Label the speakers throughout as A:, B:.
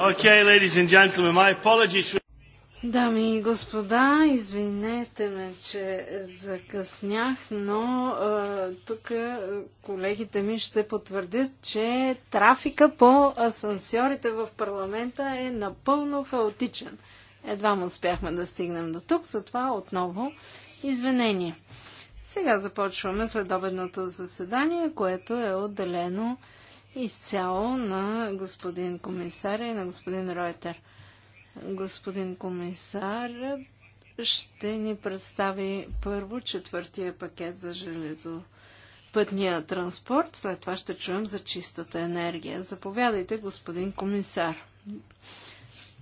A: Okay, ladies and gentlemen, my apologies for...
B: Дами и господа, извинете ме, че закъснях, но а, тук колегите ми ще потвърдят, че трафика по асансьорите в парламента е напълно хаотичен. Едва му успяхме да стигнем до тук, затова отново извинение. Сега започваме следобедното заседание, което е отделено изцяло на господин комисар и на господин Ройтер. Господин комисар ще ни представи първо четвъртия пакет за железопътния транспорт. След това ще чуем за чистата енергия. Заповядайте, господин комисар.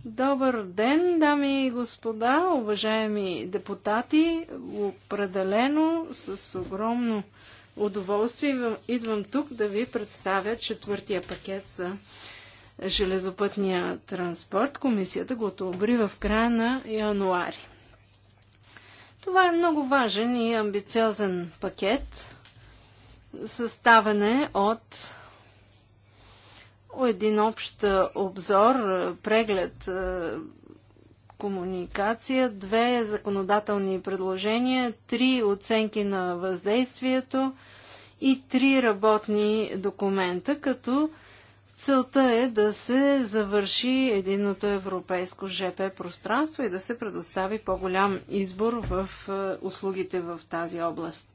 B: Добър ден, дами и господа, уважаеми депутати. Определено с огромно удоволствие идвам тук да ви представя четвъртия пакет за железопътния транспорт. Комисията го отобри в края на януари. Това е много важен и амбициозен пакет, съставане от един общ обзор, преглед комуникация, две законодателни предложения, три оценки на въздействието и три работни документа, като целта е да се завърши единното европейско ЖП пространство и да се предостави по-голям избор в е, услугите в тази област.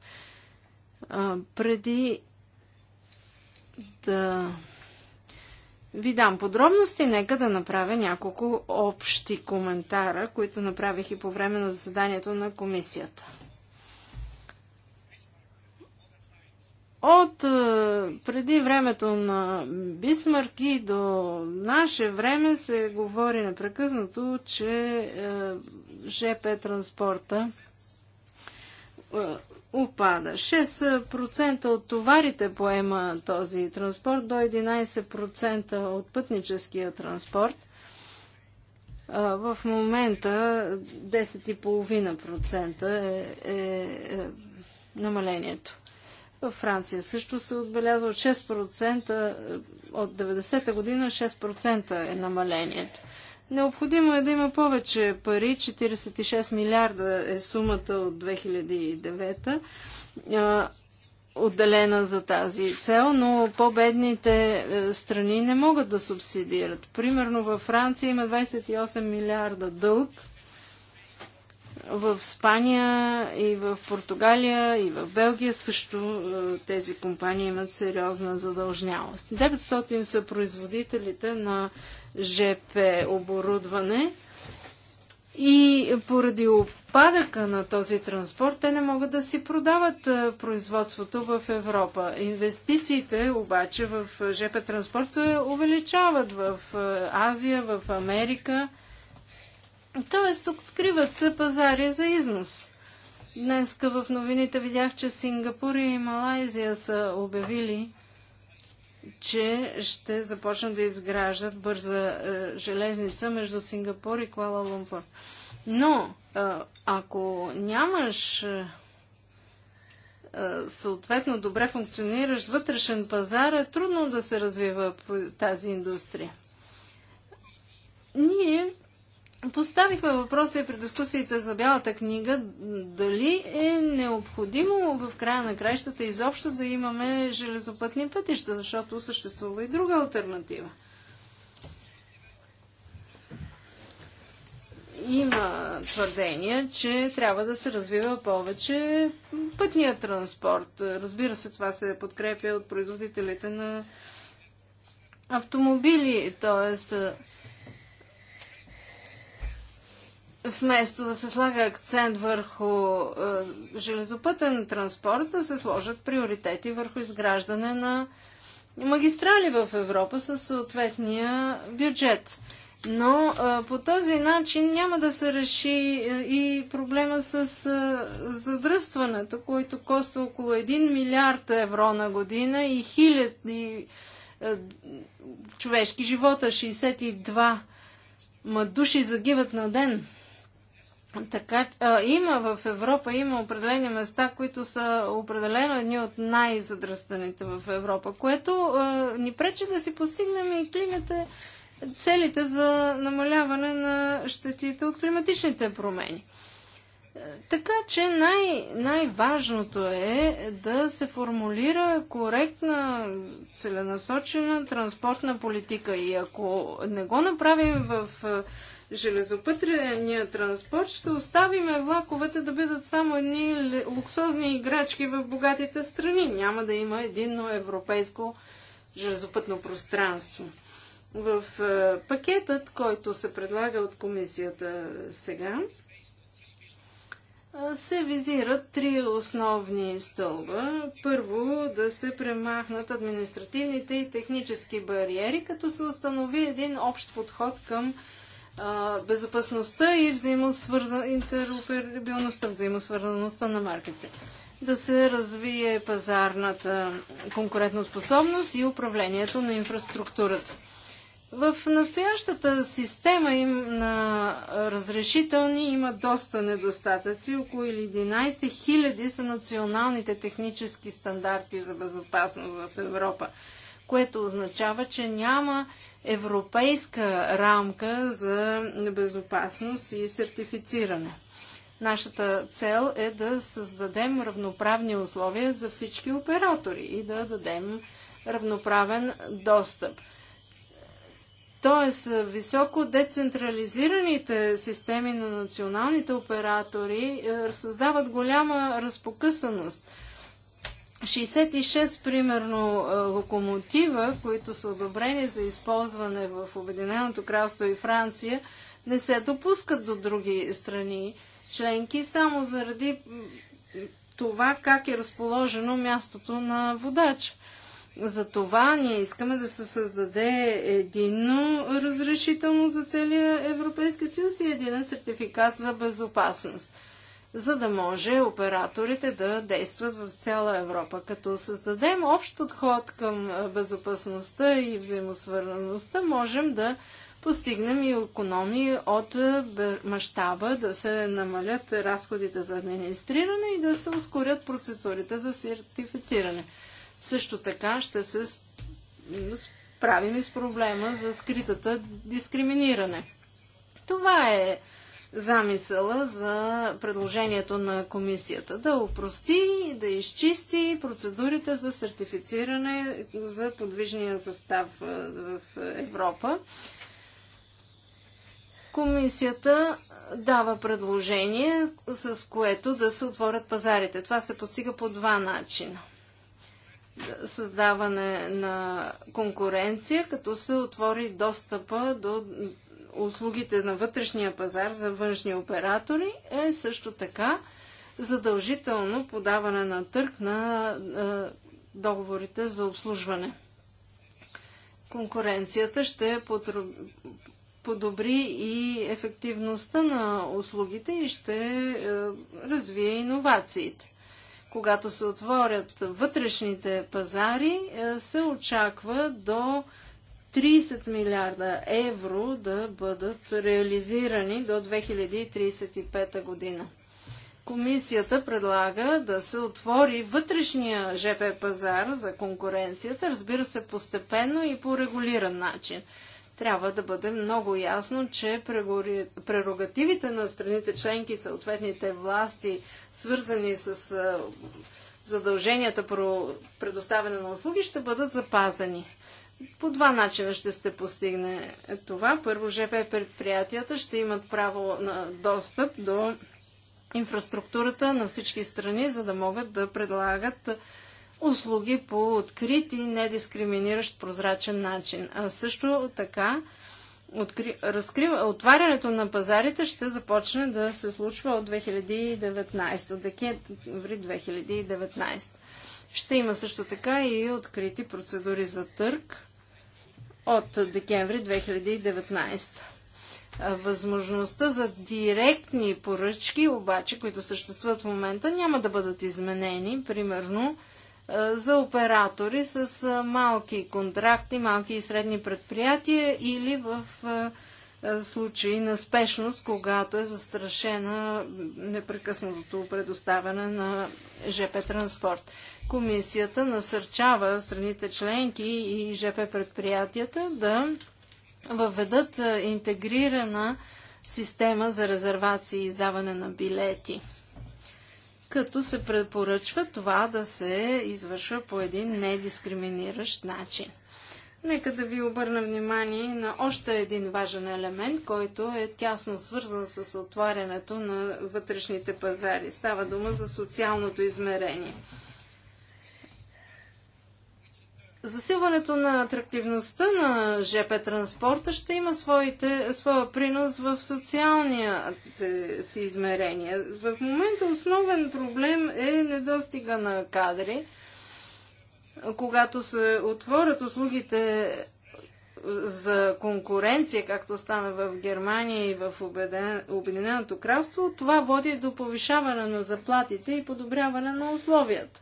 B: преди да ви дам подробности, нека да направя няколко общи коментара, които направих и по време на заседанието на комисията. От е, преди времето на Бисмарк и до наше време се говори непрекъснато, че е, ЖП транспорта е, опада. 6% от товарите поема този транспорт, до 11% от пътническия транспорт. В момента 10,5% е, е, е намалението. В Франция също се отбелязва 6%, от 90-та година 6% е намалението. Необходимо е да има повече пари. 46 милиарда е сумата от 2009 а, отделена за тази цел, но по-бедните е, страни не могат да субсидират. Примерно във Франция има 28 милиарда дълг, в Спания и в Португалия и в Белгия също е, тези компании имат сериозна задължнявост. 900 са производителите на ЖП оборудване и поради опадъка на този транспорт те не могат да си продават е, производството в Европа. Инвестициите обаче в е, ЖП транспорт се увеличават в е, Азия, в Америка. Тоест, откриват се пазари за износ. Днеска в новините видях, че Сингапур и Малайзия са обявили че ще започнат да изграждат бърза е, железница между Сингапур и Куала Лумпур. Но, е, ако нямаш е, е съответно добре функциониращ вътрешен пазар, е трудно да се развива тази индустрия. Ние Поставихме въпроса и при дискусиите за Бялата книга, дали е необходимо в края на краищата изобщо да имаме железопътни пътища, защото съществува и друга альтернатива. Има твърдение, че трябва да се развива повече пътния транспорт. Разбира се, това се подкрепя от производителите на автомобили, т.е вместо да се слага акцент върху е, железопътен транспорт, да се сложат приоритети върху изграждане на магистрали в Европа със съответния бюджет. Но е, по този начин няма да се реши е, и проблема с е, задръстването, който коства около 1 милиард евро на година и хиляди е, човешки живота, 62 ма души загиват на ден. Така, а, има в Европа, има определени места, които са определено едни от най-задръстаните в Европа, което а, ни пречи да си постигнем и климата, целите за намаляване на щетите от климатичните промени. Така че най- най-важното е да се формулира коректна, целенасочена транспортна политика. И ако не го направим в Железопътрения транспорт, ще оставиме влаковете да бъдат само едни луксозни играчки в богатите страни. Няма да има единно европейско железопътно пространство. В е, пакетът, който се предлага от комисията сега, е, се визират три основни стълба. Първо, да се премахнат административните и технически бариери, като се установи един общ подход към безопасността и взаимосвърза... интероперабилността, взаимосвързаността на марките. Да се развие пазарната конкурентоспособност и управлението на инфраструктурата. В настоящата система им на разрешителни има доста недостатъци. Около 11 000 са националните технически стандарти за безопасност в Европа, което означава, че няма европейска рамка за безопасност и сертифициране. Нашата цел е да създадем равноправни условия за всички оператори и да дадем равноправен достъп. Тоест, високо децентрализираните системи на националните оператори е, създават голяма разпокъсаност – 66 примерно е, локомотива, които са одобрени за използване в Обединеното кралство и Франция, не се допускат до други страни членки, само заради това как е разположено мястото на водач. За това ние искаме да се създаде единно разрешително за целия Европейски съюз и един сертификат за безопасност за да може операторите да действат в цяла Европа. Като създадем общ подход към безопасността и взаимосвързаността, можем да постигнем и економии от мащаба, да се намалят разходите за администриране и да се ускорят процедурите за сертифициране. Също така ще се справим и с проблема за скритата дискриминиране. Това е замисъла за предложението на комисията. Да упрости, да изчисти процедурите за сертифициране за подвижния състав в Европа. Комисията дава предложение, с което да се отворят пазарите. Това се постига по два начина. Създаване на конкуренция, като се отвори достъпа до услугите на вътрешния пазар за външни оператори е също така задължително подаване на търг на е, договорите за обслужване. Конкуренцията ще подобри и ефективността на услугите и ще е, развие иновациите. Когато се отворят вътрешните пазари, е, се очаква до 30 милиарда евро да бъдат реализирани до 2035 година. Комисията предлага да се отвори вътрешния ЖП пазар за конкуренцията, разбира се, постепенно и по регулиран начин. Трябва да бъде много ясно, че прерогативите на страните членки и съответните власти, свързани с задълженията про предоставяне на услуги, ще бъдат запазени. По два начина ще се постигне това. Първо, ЖП предприятията ще имат право на достъп до инфраструктурата на всички страни, за да могат да предлагат услуги по открит и недискриминиращ прозрачен начин. А също така, откри... разкрива... отварянето на пазарите ще започне да се случва от 2019, декември 2019. Ще има също така и открити процедури за търг от декември 2019. Възможността за директни поръчки, обаче, които съществуват в момента, няма да бъдат изменени. Примерно, за оператори с малки контракти, малки и средни предприятия или в случаи на спешност, когато е застрашена непрекъснатото предоставяне на ЖП транспорт. Комисията насърчава страните членки и ЖП предприятията да въведат интегрирана система за резервации и издаване на билети. Като се препоръчва това да се извършва по един недискриминиращ начин. Нека да ви обърна внимание на още един важен елемент, който е тясно свързан с отварянето на вътрешните пазари. Става дума за социалното измерение. Засилването на атрактивността на ЖП транспорта ще има своите, своя принос в социалния си измерения. В момента основен проблем е недостига на кадри. Когато се отворят услугите за конкуренция, както стана в Германия и в Обединеното кралство, това води до повишаване на заплатите и подобряване на условията.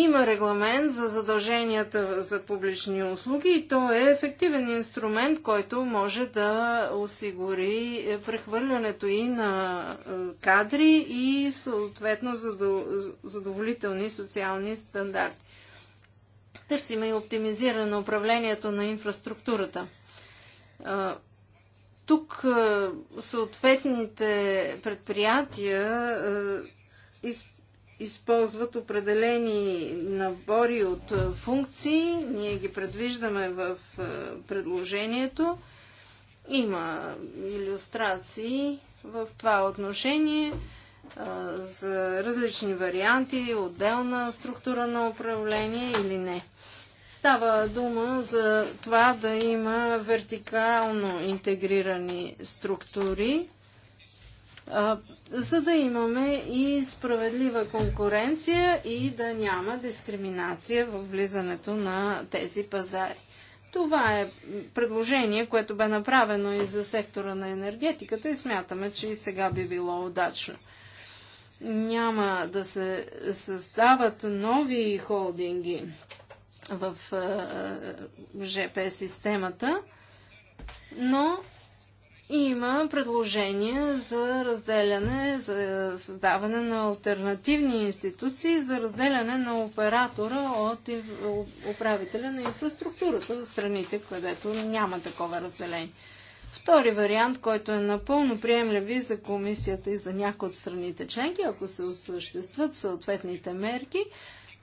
B: Има регламент за задълженията за публични услуги и то е ефективен инструмент, който може да осигури е, прехвърлянето и на е, кадри и съответно задоволителни социални стандарти. Търсиме и оптимизиране на управлението на инфраструктурата. Е, тук съответните предприятия изпълняват използват определени набори от функции. Ние ги предвиждаме в предложението. Има иллюстрации в това отношение за различни варианти, отделна структура на управление или не. Става дума за това да има вертикално интегрирани структури, за да имаме и справедлива конкуренция и да няма дискриминация в влизането на тези пазари. Това е предложение, което бе направено и за сектора на енергетиката и смятаме, че и сега би било удачно. Няма да се създават нови холдинги в ЖП системата, но има предложения за разделяне, за създаване на альтернативни институции, за разделяне на оператора от управителя на инфраструктурата за страните, където няма такова разделение. Втори вариант, който е напълно приемлив и за комисията и за някои от страните членки, ако се осъществят съответните мерки,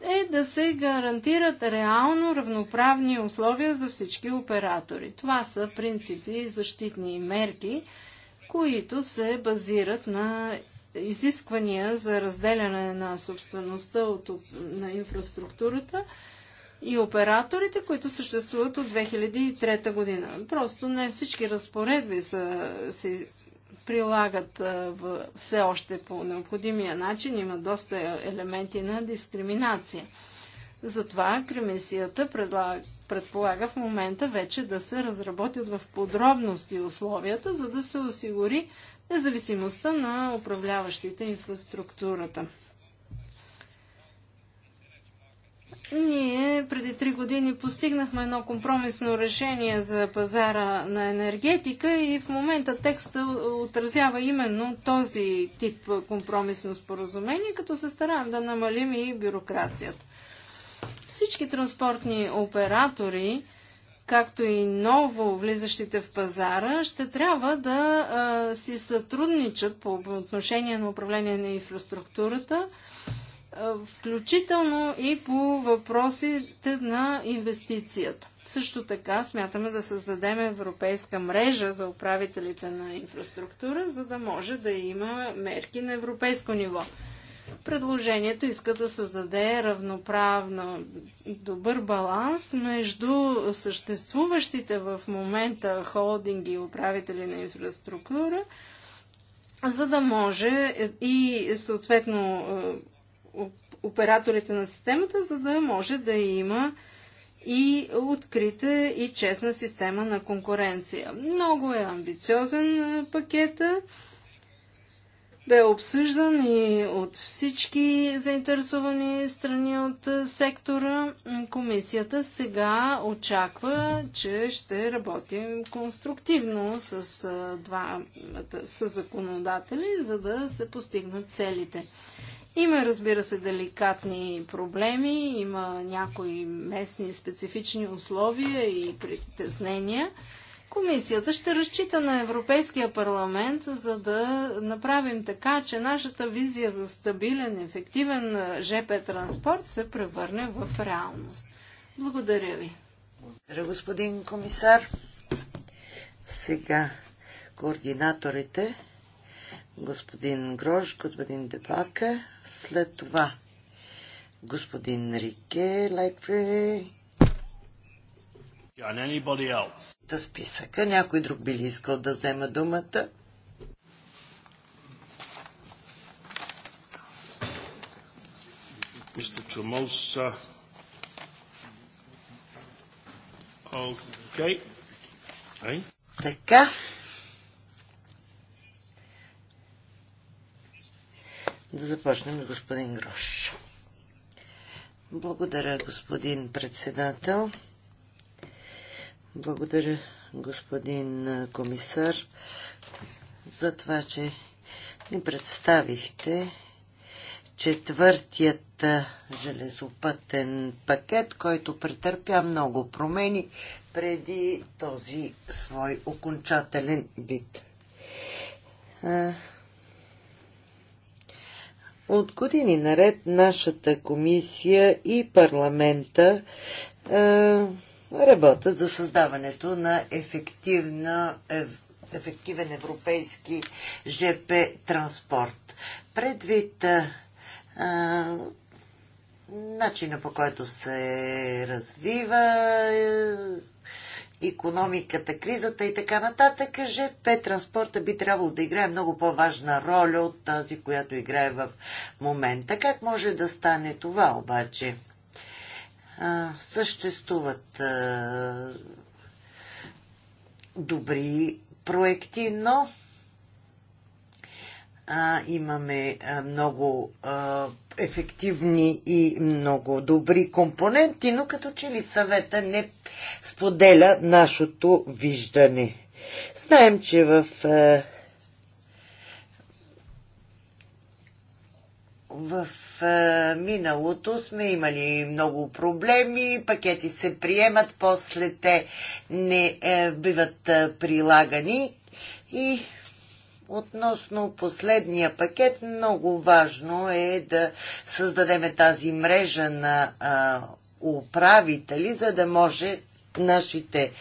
B: е да се гарантират реално равноправни условия за всички оператори. Това са принципи и защитни мерки, които се базират на изисквания за разделяне на собствеността от, на инфраструктурата и операторите, които съществуват от 2003 година. Просто не всички разпоредби са, се прилагат в, все още по необходимия начин. Има доста елементи на дискриминация. Затова комисията предполага в момента вече да се разработят в подробности условията, за да се осигури независимостта на управляващите инфраструктурата. Ние преди три години постигнахме едно компромисно решение за пазара на енергетика и в момента текста отразява именно този тип компромисно споразумение, като се стараем да намалим и бюрокрацията. Всички транспортни оператори, както и ново влизащите в пазара, ще трябва да а, си сътрудничат по отношение на управление на инфраструктурата включително и по въпросите на инвестицията. Също така смятаме да създадем европейска мрежа за управителите на инфраструктура, за да може да има мерки на европейско ниво. Предложението иска да създаде равноправно добър баланс между съществуващите в момента холдинги и управители на инфраструктура, за да може и съответно операторите на системата, за да може да има и открита и честна система на конкуренция. Много е амбициозен е, пакета. Бе обсъждан и от всички заинтересовани страни от е, сектора. Комисията сега очаква, че ще работим конструктивно с е, два с законодатели, за да се постигнат целите. Има, разбира се, деликатни проблеми, има някои местни специфични условия и притеснения. Комисията ще разчита на Европейския парламент, за да направим така, че нашата визия за стабилен, ефективен ЖП транспорт се превърне в реалност. Благодаря ви. Благодаря, господин комисар.
C: Сега координаторите господин Грош, господин Дебака, след това господин Рике, Лайтфри. Да списъка. Някой друг би ли искал да взема думата?
A: Мистер Tremosa. Окей. Така.
C: Да започнем, господин Грош. Благодаря, господин председател. Благодаря, господин комисар, за това, че ни представихте четвъртият железопътен пакет, който претърпя много промени преди този свой окончателен вид. От години наред нашата комисия и парламента е, работят за създаването на ефективна, е, ефективен европейски ЖП транспорт. Предвид е, е, начина по който се развива. Е, економиката, кризата и така нататък, ЖП транспорта би трябвало да играе много по-важна роля от тази, която играе в момента. Как може да стане това обаче? А, съществуват а, добри проекти, но а, имаме а, много а, ефективни и много добри компоненти, но като че ли съвета не споделя нашето виждане. Знаем, че в а, в е, миналото сме имали много проблеми, пакети се приемат, после те не е, биват е, прилагани и Относно последния пакет, много важно е да създадем тази мрежа на а, управители, за да може нашите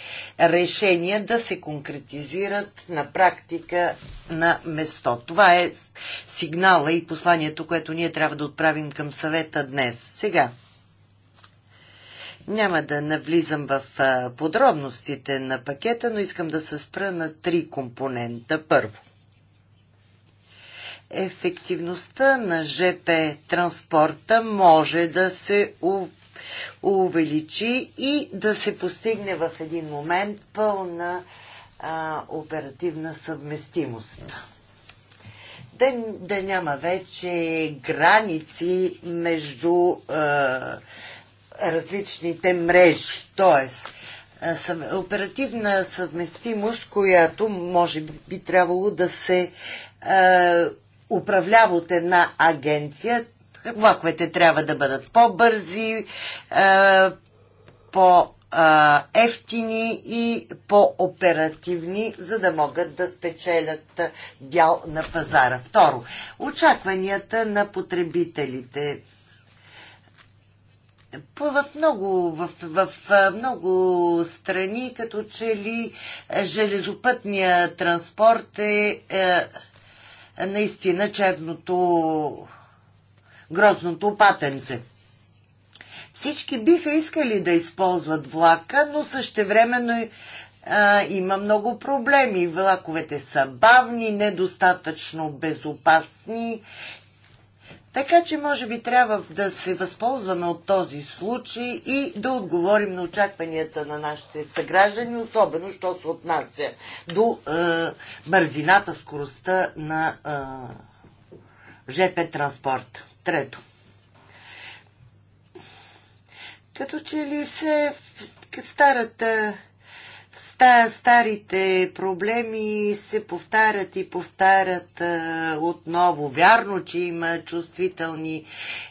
C: решения да се конкретизират на практика на место. Това е сигнала и посланието, което ние трябва да отправим към съвета днес. Сега, няма да навлизам в подробностите на пакета, но искам да се спра на три компонента. Първо, ефективността на ЖП транспорта може да се увеличи и да се постигне в един момент пълна а, оперативна съвместимост. Да, да няма вече граници между а, различните мрежи. Тоест, оперативна съвместимост, която може би, би трябвало да се управлява от една агенция, влаковете трябва да бъдат по-бързи, е, по-ефтини и по-оперативни, за да могат да спечелят дял на пазара. Второ, очакванията на потребителите. В много, в, в, в много страни, като че ли железопътния транспорт е, е наистина черното грозното патенце. Всички биха искали да използват влака, но същевременно а, има много проблеми. Влаковете са бавни, недостатъчно безопасни така че може би трябва да се възползваме от този случай и да отговорим на очакванията на нашите съграждани, особено що се отнася до е, бързината, скоростта на е, ЖП транспорта. Трето. Като че ли все старата ста, старите проблеми се повтарят и повтарят а, отново. Вярно, че има чувствителни,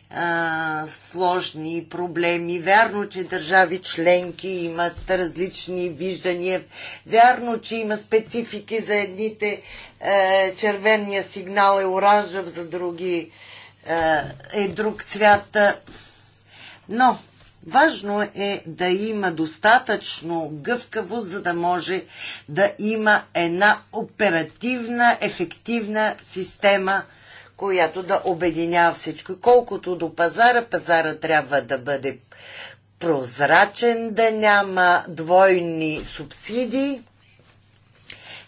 C: а, сложни проблеми. Вярно, че държави членки имат различни виждания. Вярно, че има специфики за едните. А, червения сигнал е оранжев, за други а, е друг цвят. Но Важно е да има достатъчно гъвкавост, за да може да има една оперативна, ефективна система, която да обединява всичко. Колкото до пазара, пазара трябва да бъде прозрачен, да няма двойни субсидии.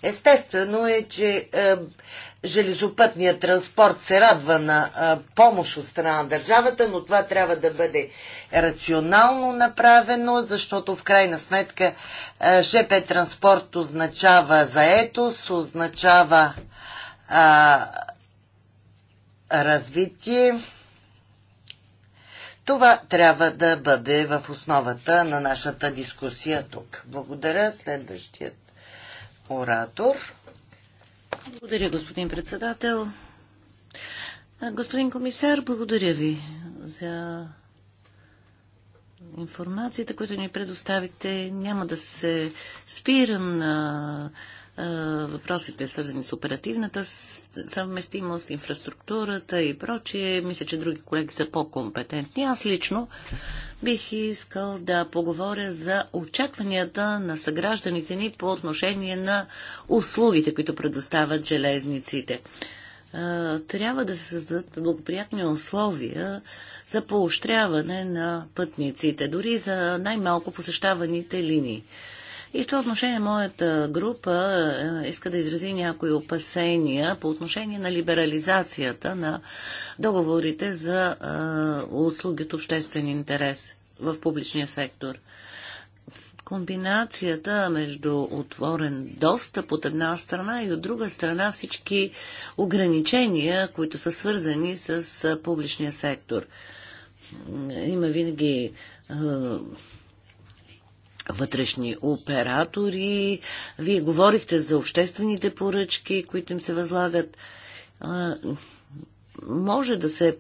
C: Естествено е, че е, железопътния транспорт се радва на а, помощ от страна на държавата, но това трябва да бъде рационално направено, защото в крайна сметка а, ЖП транспорт означава заетост, означава а, развитие. Това трябва да бъде в основата на нашата дискусия тук. Благодаря. Следващият оратор. Благодаря, господин
D: председател. Господин комисар, благодаря ви за информацията, която ни предоставихте. Няма да се спирам на въпросите, свързани с оперативната съвместимост, инфраструктурата и прочие. Мисля, че други колеги са по-компетентни. Аз лично бих искал да поговоря за очакванията на съгражданите ни по отношение на услугите, които предоставят железниците. Трябва да се създадат благоприятни условия за поощряване на пътниците, дори за най-малко посещаваните линии. И в това отношение моята група е, иска да изрази някои опасения по отношение на либерализацията на договорите за е, услуги от обществен интерес в публичния сектор. Комбинацията между отворен достъп от една страна и от друга страна всички ограничения, които са свързани с е, публичния сектор. Има винаги вътрешни оператори. Вие говорихте за обществените поръчки, които им се възлагат. А, може да се,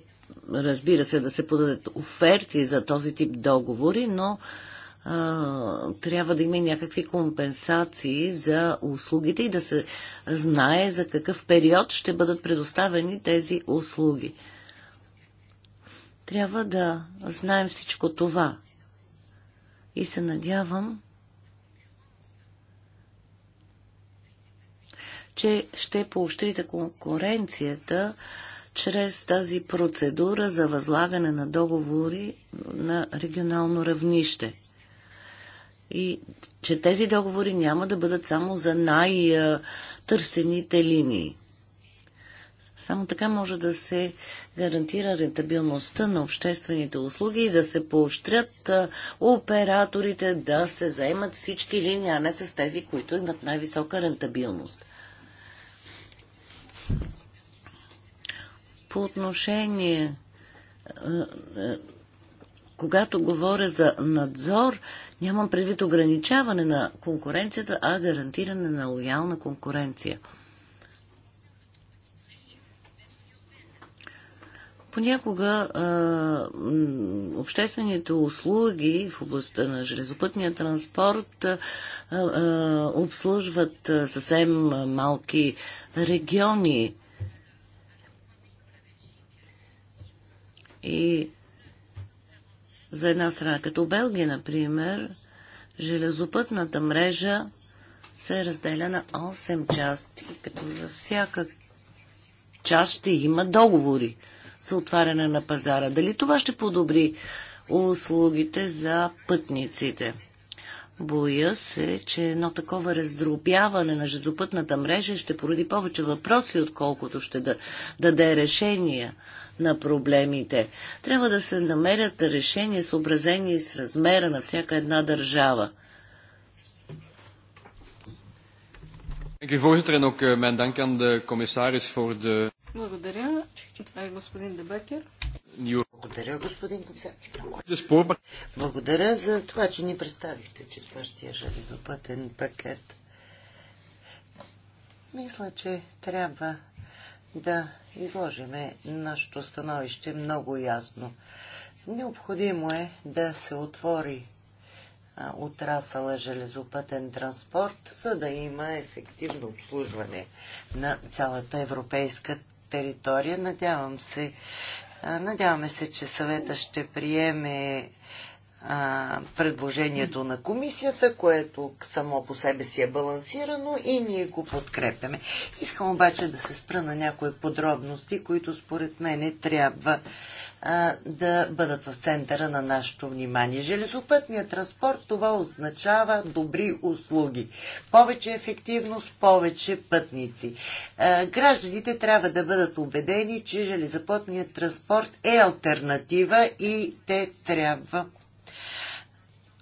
D: разбира се, да се подадат оферти за този тип договори, но а, трябва да има и някакви компенсации за услугите и да се знае за какъв период ще бъдат предоставени тези услуги. Трябва да знаем всичко това и се надявам, че ще поощрите конкуренцията чрез тази процедура за възлагане на договори на регионално равнище. И че тези договори няма да бъдат само за най-търсените линии. Само така може да се гарантира рентабилността на обществените услуги и да се поощрят операторите да се заемат всички линии, а не с тези, които имат най-висока рентабилност. По отношение когато говоря за надзор, нямам предвид ограничаване на конкуренцията, а гарантиране на лоялна конкуренция – Понякога а, обществените услуги в областта на железопътния транспорт а, а, обслужват съвсем малки региони. И за една страна, като Белгия, например, железопътната мрежа се разделя на 8 части, като за всяка част ще има договори за отваряне на пазара. Дали това ще подобри услугите за пътниците? Боя се, че едно такова раздробяване на железопътната мрежа ще породи повече въпроси, отколкото ще да, даде решения на проблемите. Трябва да се намерят решения, съобразени с размера на всяка една държава.
A: Ik wil voorzitter en ook eh, mijn dank aan de commissaris voor de...
B: Благодаря. Това е господин Дебекер.
A: Благодаря,
B: господин комисар. Благодаря за това, че ни
C: представихте четвъртия железопътен пакет. Мисля, че трябва да изложиме нашето становище много ясно. Необходимо е да се отвори отрасъла железопътен транспорт, за да има ефективно обслужване на цялата европейска територия. Надявам се, надяваме се, че съвета ще приеме а, предложението на комисията, което само по себе си е балансирано и ние го подкрепяме. Искам обаче да се спра на някои подробности, които според мен трябва а, да бъдат в центъра на нашето внимание. Железопътният транспорт това означава добри услуги, повече ефективност, повече пътници. А, гражданите трябва да бъдат убедени, че железопътният транспорт е альтернатива и те трябва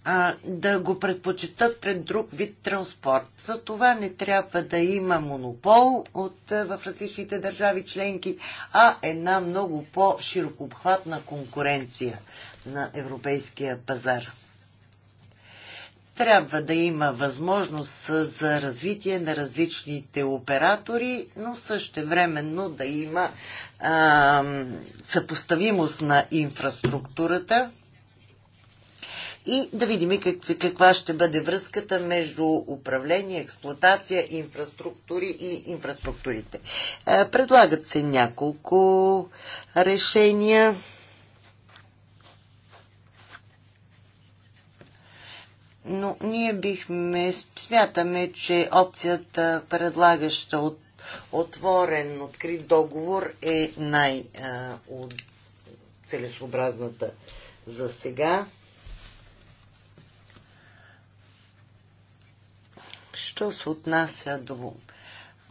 C: а, да го предпочитат пред друг вид транспорт. За това не трябва да има монопол от, в различните държави членки, а една много по-широкообхватна конкуренция на европейския пазар. Трябва да има възможност за развитие на различните оператори, но също времено да има а, съпоставимост на инфраструктурата, и да видим как, каква ще бъде връзката между управление, експлуатация, инфраструктури и инфраструктурите. Е, предлагат се няколко решения. Но ние бихме, смятаме, че опцията, предлагаща от, отворен, открит договор е най-целесообразната е, за сега. Що се отнася до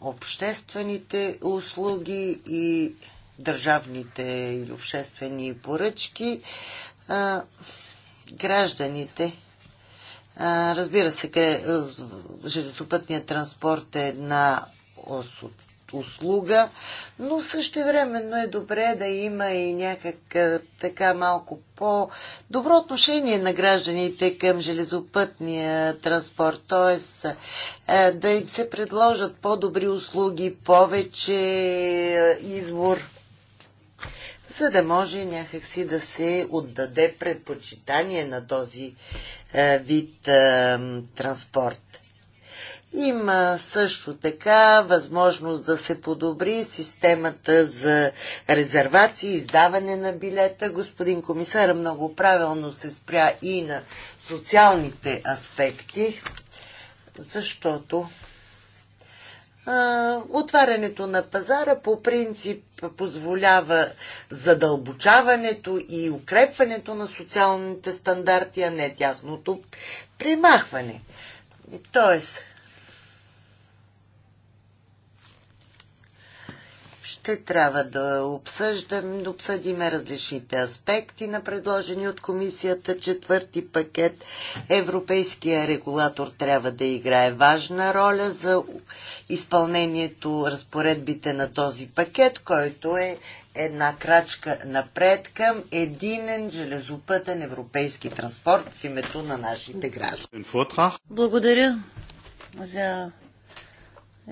C: обществените услуги и държавните или обществени поръчки, а, гражданите. А, разбира се, железопътният транспорт е една от услуга, но същевременно е добре да има и някак така малко по-добро отношение на гражданите към железопътния транспорт, т.е. да им се предложат по-добри услуги, повече избор за да може някакси да се отдаде предпочитание на този вид транспорт. Има също така възможност да се подобри системата за резервации, издаване на билета. Господин комисар много правилно се спря и на социалните аспекти, защото а, отварянето на пазара по принцип позволява задълбочаването и укрепването на социалните стандарти, а не тяхното примахване. Тоест, ще трябва да обсъждам, да различните аспекти на предложени от комисията четвърти пакет. Европейския регулатор трябва да играе важна роля за изпълнението разпоредбите на този пакет, който е една крачка напред към единен железопътен европейски транспорт в името на нашите граждани. Благодаря
D: за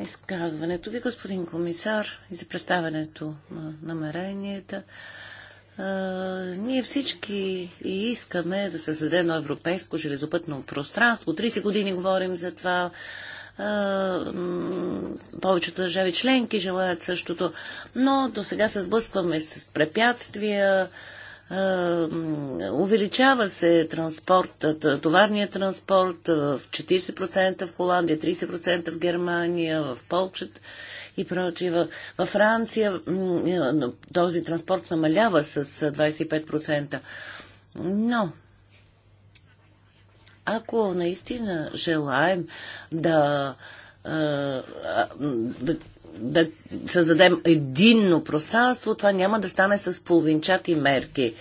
D: изказването ви, господин комисар, и за представянето на намеренията. А, ние всички и искаме да се създаде едно европейско железопътно пространство. 30 години говорим за това. А, повечето държави членки желаят същото, но до сега се сблъскваме с препятствия, увеличава се транспортът, товарния транспорт в 40% в Холандия, 30% в Германия, в Полчет и прочие. Във Франция този транспорт намалява с 25%. Но ако наистина желаем да, да да създадем единно пространство, това няма да стане с половинчати мерки.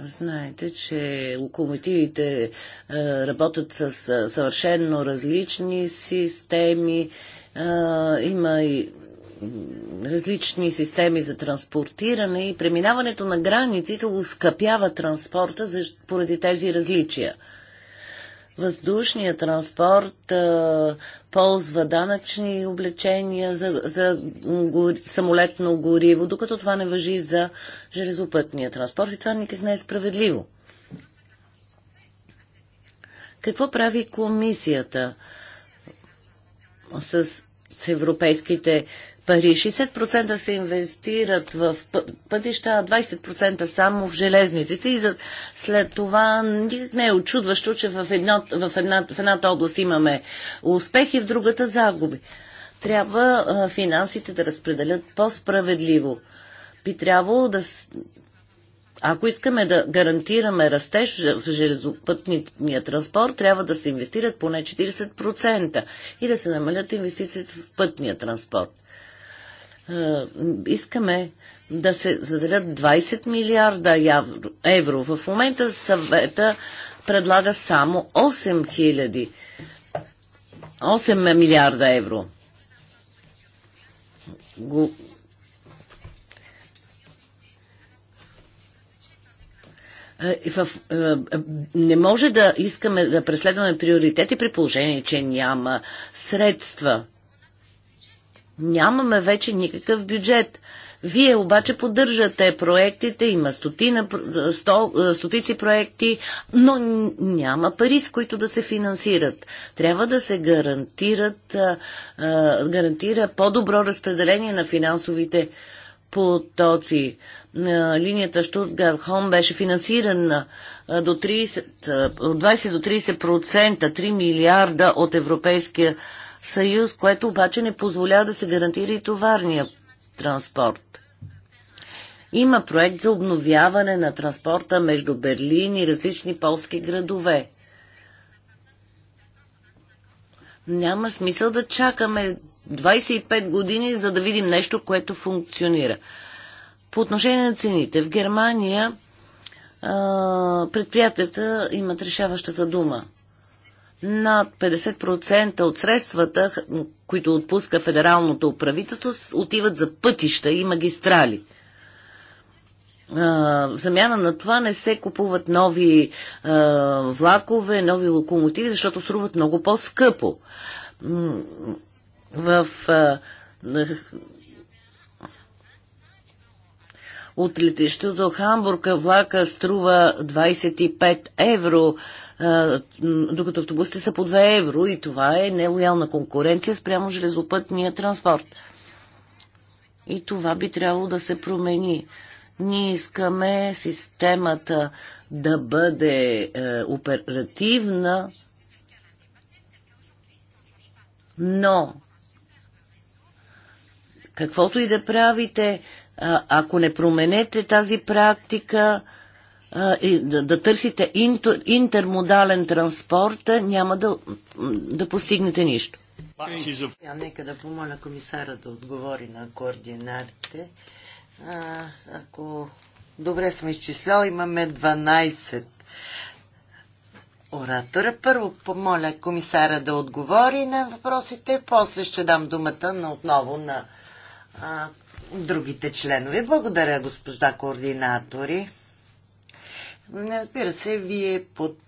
D: Знаете, че локомотивите е, работят с е, съвършенно различни системи. Е, има и различни системи за транспортиране и преминаването на границите ускъпява транспорта поради тези различия въздушният транспорт а, ползва данъчни облечения за, за гори, самолетно гориво, докато това не въжи за железопътния транспорт и това никак не е справедливо. Какво прави комисията с, с европейските пари. 60% се инвестират в пътища, а 20% само в железниците. И за... след това никак не е очудващо, че в, едно, в, една, в едната област имаме успехи, в другата загуби. Трябва а, финансите да разпределят по-справедливо. Би трябвало да. Ако искаме да гарантираме растеж в железопътния транспорт, трябва да се инвестират поне 40% и да се намалят инвестициите в пътния транспорт. Е, искаме да се заделят 20 милиарда евро. В момента съвета предлага само 8 хиляди. 8 милиарда евро. Го... Е, в, е, не може да искаме да преследваме приоритети при положение, че няма средства. Нямаме вече никакъв бюджет. Вие обаче поддържате проектите, има стотина, е, сто, е, стотици проекти, но няма пари, с които да се финансират. Трябва да се гарантират, е, гарантира по-добро разпределение на финансовите потоци. Линията штутгарт холм беше финансирана до 30, от 20 до 30%, 3 милиарда от Европейския съюз, което обаче не позволява да се гарантира и товарния транспорт. Има проект за обновяване на транспорта между Берлин и различни полски градове. Няма смисъл да чакаме 25 години, за да видим нещо, което функционира. По отношение на цените, в Германия предприятията имат решаващата дума над 50% от средствата, които отпуска федералното правителство, отиват за пътища и магистрали. В замяна на това не се купуват нови влакове, нови локомотиви, защото струват много по-скъпо. В от летището до Хамбурга влака струва 25 евро, докато автобусите са по 2 евро и това е нелоялна конкуренция спрямо железопътния транспорт. И това би трябвало да се промени. Ние искаме системата да бъде е, оперативна, но каквото и да правите, ако не променете тази практика, и да, да търсите интер, интермодален транспорт, е, няма да, да постигнете нищо.
C: А, нека да помоля комисара да отговори на координатите. А, ако добре сме изчисляли, имаме 12 оратора. Първо помоля комисара да отговори на въпросите, после ще дам думата на, отново на а, другите членове. Благодаря, госпожа координатори. Разбира се, вие под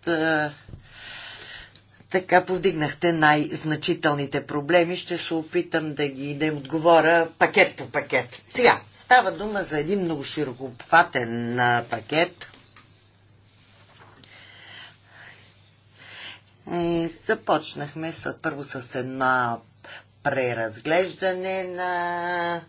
C: така повдигнахте най-значителните проблеми. Ще се опитам да ги да им отговоря пакет по пакет. Сега, става дума за един много а, пакет. И е, започнахме с, първо с една преразглеждане на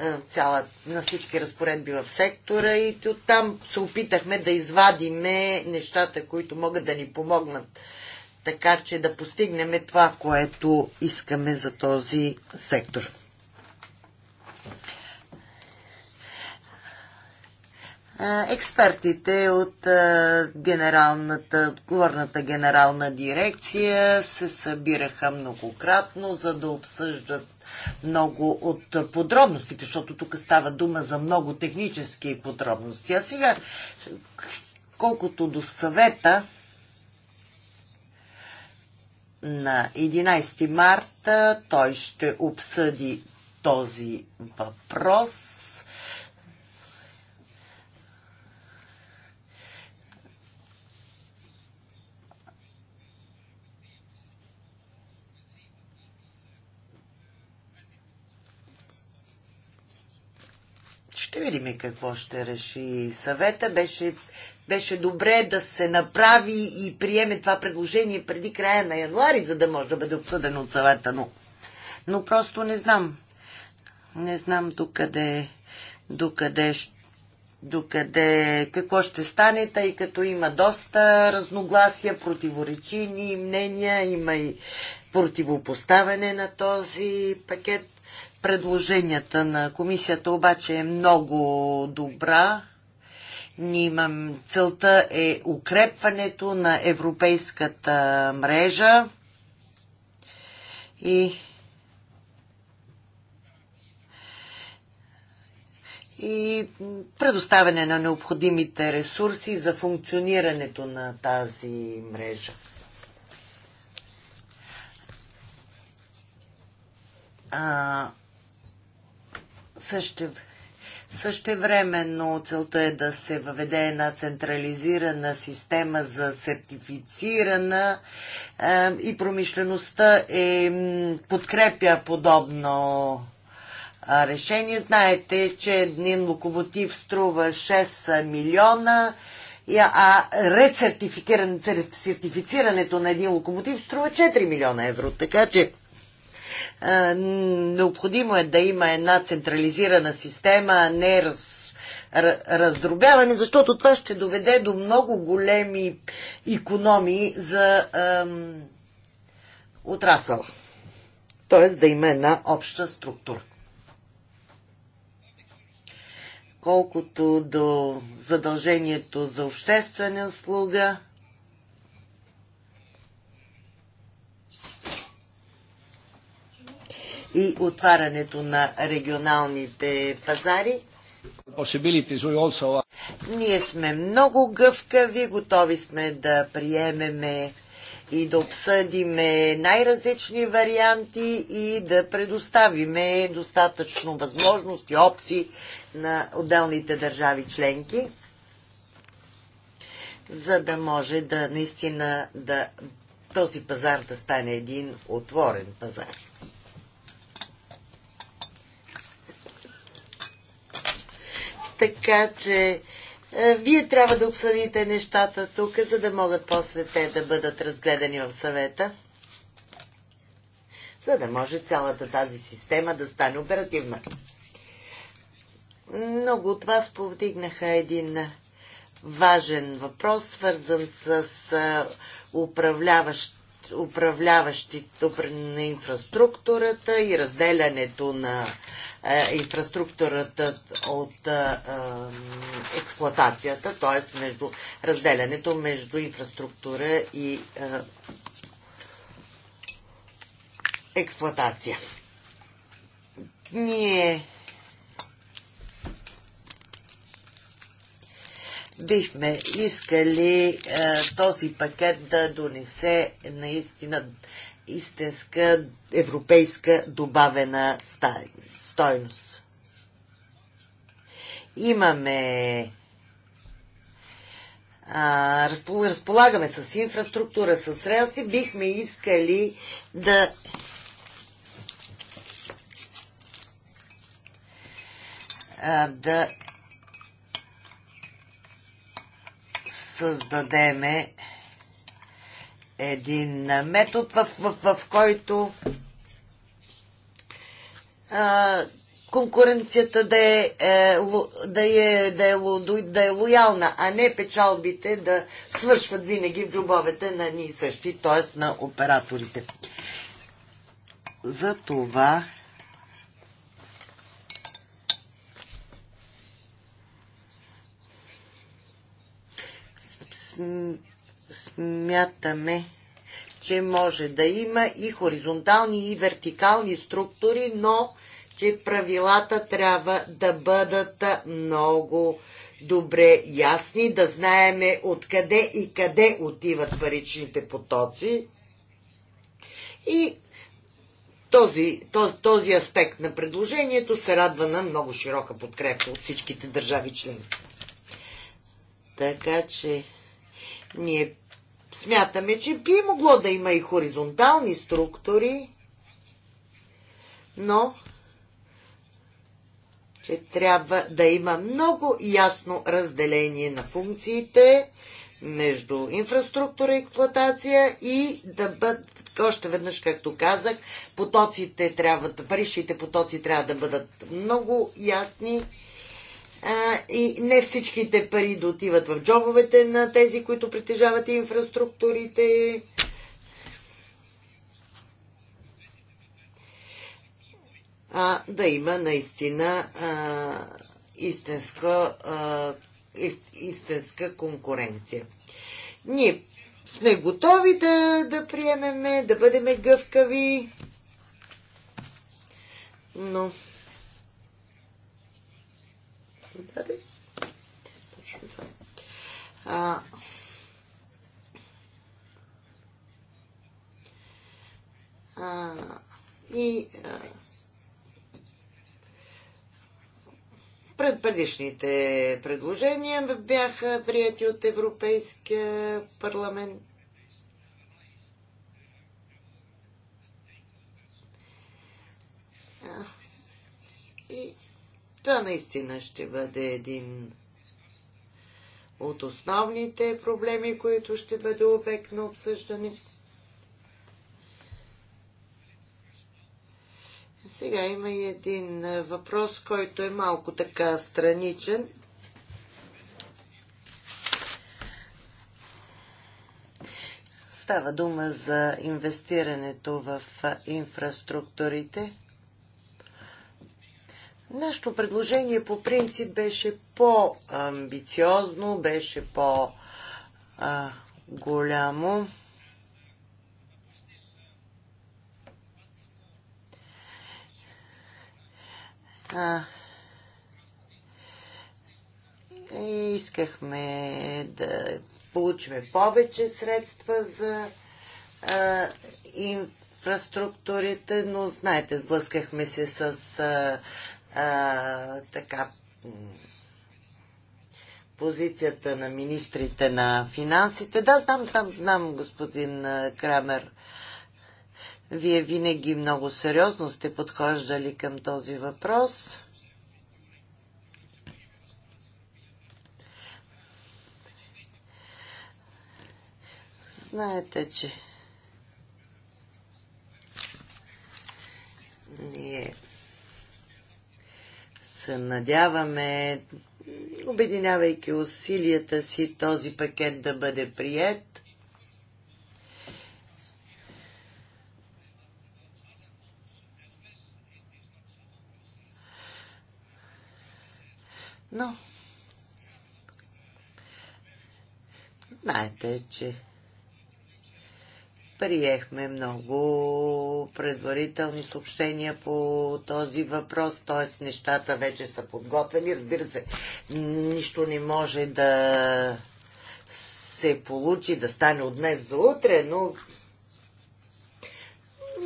C: е, цяла, на всички разпоредби в сектора и оттам се опитахме да извадиме нещата, които могат да ни помогнат, така че да постигнем това, което искаме за този сектор. Е, експертите от е, генералната, отговорната генерална дирекция се събираха многократно, за да обсъждат много от подробностите, защото тук става дума за много технически подробности. А сега, колкото до съвета, на 11 марта той ще обсъди този въпрос Ще видим какво ще реши съвета. Беше, беше добре да се направи и приеме това предложение преди края на януари, за да може да бъде обсъден от съвета, но, но просто не знам. Не знам докъде, докъде, докъде, какво ще стане, тъй като има доста разногласия, противоречини мнения, има и противопоставяне на този пакет предложенията на комисията обаче е много добра. имам, целта е укрепването на европейската мрежа и и предоставяне на необходимите ресурси за функционирането на тази мрежа. А, също, същевременно целта е да се въведе една централизирана система за сертифицирана е, и промишлеността е, подкрепя подобно решение. Знаете, че един локомотив струва 6 милиона, а рецертифицирането на един локомотив струва 4 милиона евро. Така че Необходимо е да има една централизирана система, а не раз, раздробяване, защото това ще доведе до много големи економии за ам, отрасъл. Тоест да има една обща структура. Колкото до задължението за обществена услуга, и отварянето на регионалните пазари. Ние сме много гъвкави, готови сме да приемеме и да обсъдиме най-различни варианти и да предоставиме достатъчно възможности, опции на отделните държави членки, за да може да наистина да, този пазар да стане един отворен пазар. Така че е, вие трябва да обсъдите нещата тук, за да могат после те да бъдат разгледани в съвета, за да може цялата тази система да стане оперативна. Много от вас повдигнаха един важен въпрос, свързан с е, управляващ, управляващите на инфраструктурата и разделянето на е, инфраструктурата от е, е, експлоатацията, т.е. между разделянето между инфраструктура и експлоатация. Ние бихме искали този пакет да донесе наистина истинска европейска добавена стойност. Имаме а, разполагаме с инфраструктура, с релси, бихме искали да а, да създадеме един метод, в, в, в, в който а, конкуренцията да е, е, да, е, е да, е, да е лоялна, а не печалбите да свършват винаги в джобовете на ни същи, т.е. на операторите. За това сме смятаме, че може да има и хоризонтални и вертикални структури, но че правилата трябва да бъдат много добре ясни, да знаеме откъде и къде отиват паричните потоци. И този, този, този аспект на предложението се радва на много широка подкрепа от всичките държави членки. Така че ние смятаме, че би могло да има и хоризонтални структури, но че трябва да има много ясно разделение на функциите между инфраструктура и експлуатация и да бъдат още веднъж, както казах, потоците трябва, паричните потоци трябва да бъдат много ясни и не всичките пари да отиват в джобовете на тези, които притежават инфраструктурите. А, да има наистина а, истинска, а, истинска конкуренция. Ние сме готови да, да приемеме, да бъдеме гъвкави, но да, Точно това. А, а, и а, пред предишните предложения бяха прияти от Европейския парламент. И Та наистина ще бъде един от основните проблеми, които ще бъде обект на обсъждане. Сега има и един въпрос, който е малко така страничен. Става дума за инвестирането в инфраструктурите. Нашето предложение по принцип беше по-амбициозно, беше по-голямо. Искахме да получиме повече средства за инфраструктурите, но знаете, сблъскахме се с а, така позицията на министрите на финансите. Да, знам, знам, знам, господин Крамер. Вие винаги много сериозно сте подхождали към този въпрос. Знаете, че ние се надяваме, обединявайки усилията си, този пакет да бъде прият. Но, знаете, че приехме много предварителни съобщения по този въпрос, т.е. нещата вече са подготвени. Разбира се, нищо не може да се получи, да стане от днес за утре, но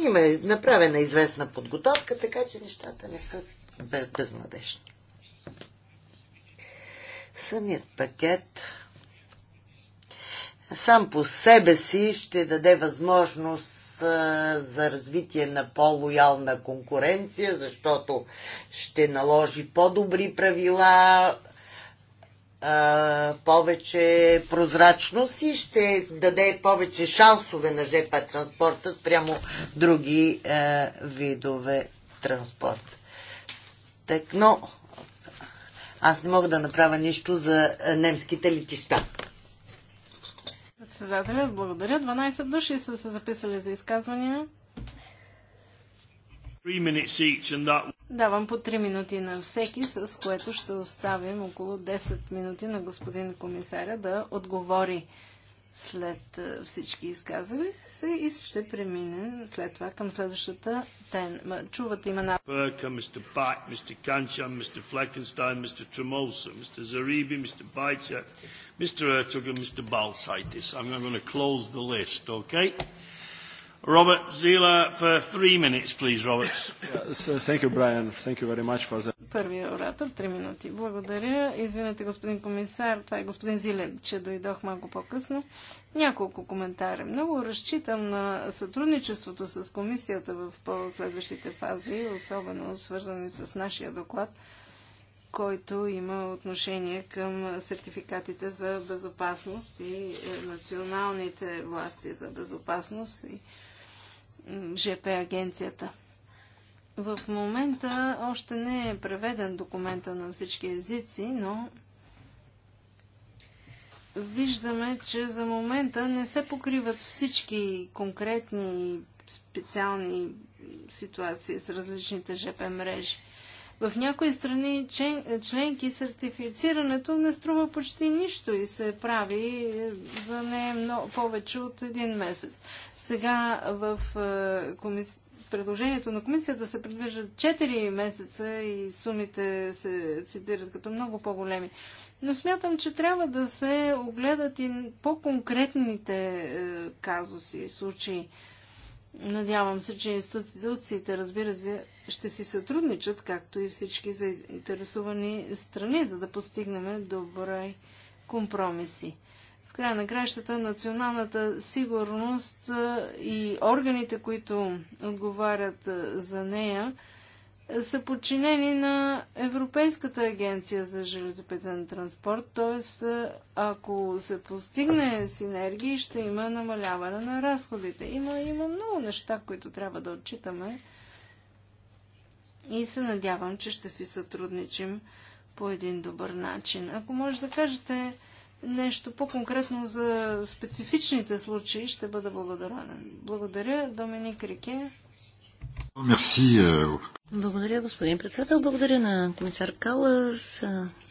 C: има направена известна подготовка, така че нещата не са безнадежни. Самият пакет сам по себе си ще даде възможност за развитие на по-лоялна конкуренция, защото ще наложи по-добри правила, повече прозрачност и ще даде повече шансове на ЖП транспорта спрямо други видове транспорт. Так, но аз не мога да направя нищо за немските летища.
B: Председателя, благодаря. 12 души са се записали за изказвания. Давам по 3 минути на всеки, с което ще оставим около 10 минути на господин комисаря да отговори след е, всички изказали се и ще премине след това към следващата тен. Чувате имена.
A: Бърка, мистер Бак, мистер Канчан, мистер Флекенстайн, мистер Тремолса, мистер Зариби, мистер Байчак, Mr. Ertug and Mr. Balsaitis. I'm going to close the list, okay? Robert Zila for three minutes, please, Robert. Uh, thank you, Brian. Thank you very much for that.
B: Първият оратор, три минути. Благодаря. Извинете, господин комисар, това е господин Зилен, че дойдох малко по-късно. Няколко коментари. Много разчитам на сътрудничеството с комисията в по-следващите фази, особено свързани с нашия доклад който има отношение към сертификатите за безопасност и е, националните власти за безопасност и ЖП агенцията. В момента още не е преведен документа на всички езици, но виждаме, че за момента не се покриват всички конкретни специални ситуации с различните ЖП мрежи. В някои страни членки сертифицирането не струва почти нищо и се прави е, за не е много, повече от един месец. Сега в е, комис... предложението на комисията се предвиждат 4 месеца и сумите се цитират като много по-големи. Но смятам, че трябва да се огледат и по-конкретните казуси, случаи. Надявам се, че институциите, разбира се, ще си сътрудничат, както и всички заинтересовани страни, за да постигнем добра компромиси. В края на кращата националната сигурност и органите, които отговарят за нея, са подчинени на Европейската агенция за железопитен транспорт, т.е. ако се постигне синергии, ще има намаляване на разходите. Има, има много неща, които трябва да отчитаме и се надявам, че ще си сътрудничим по един добър начин. Ако може да кажете нещо по-конкретно за специфичните случаи, ще бъда благодарен. Благодаря, Доминик Рике.
C: Мерси. Euh,
D: Благодаря, господин председател. Благодаря на комисар Калас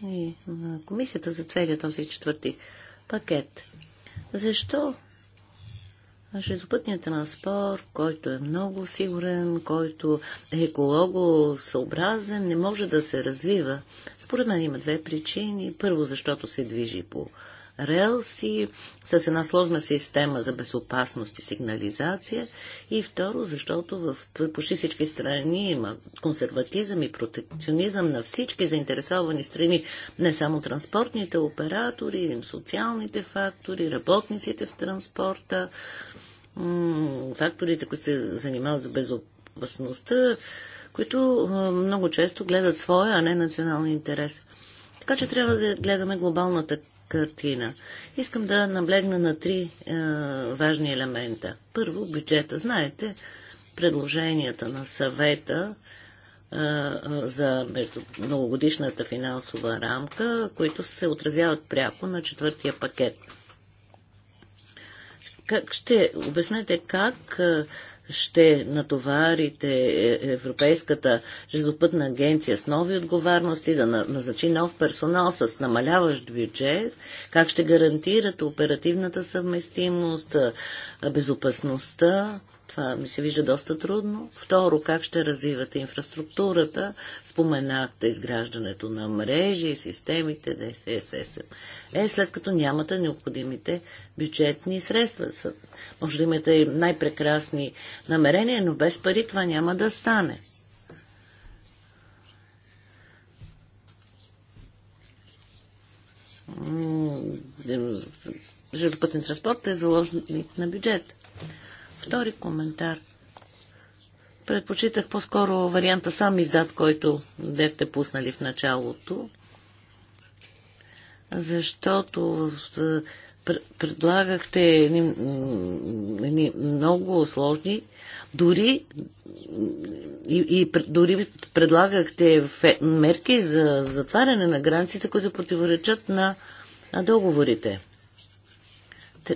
D: и на комисията за целият този четвърти пакет. Защо железопътният транспорт, който е много сигурен, който е екологосъобразен, не може да се развива? Според мен има две причини. Първо, защото се движи по релси, с една сложна система за безопасност и сигнализация. И второ, защото в почти всички страни има консерватизъм и протекционизъм на всички заинтересовани страни, не само транспортните оператори, социалните фактори, работниците в транспорта, факторите, които се занимават с безопасността, които много често гледат своя, а не националния интерес. Така че трябва да гледаме глобалната картина. Искам да наблегна на три е, важни елемента. Първо, бюджета. Знаете, предложенията на съвета е, за между многогодишната финансова рамка, които се отразяват пряко на четвъртия пакет. Как ще обяснете как е, ще натоварите е, Европейската железопътна агенция с нови отговорности, да назначи нов персонал с намаляващ бюджет, как ще гарантирате оперативната съвместимост, е, безопасността, това ми се вижда доста трудно. Второ, как ще развивате инфраструктурата? Споменахте изграждането на мрежи и системите ДСС. Е, след като нямате необходимите бюджетни средства. Може да имате най-прекрасни намерения, но без пари това няма да стане. Железопътен транспорт е заложник на бюджет. Втори коментар. Предпочитах по-скоро варианта сам издат, който бяхте пуснали в началото, защото предлагахте едни, едни много сложни, дори и, и дори предлагахте мерки за затваряне на границите, които противоречат на, на договорите.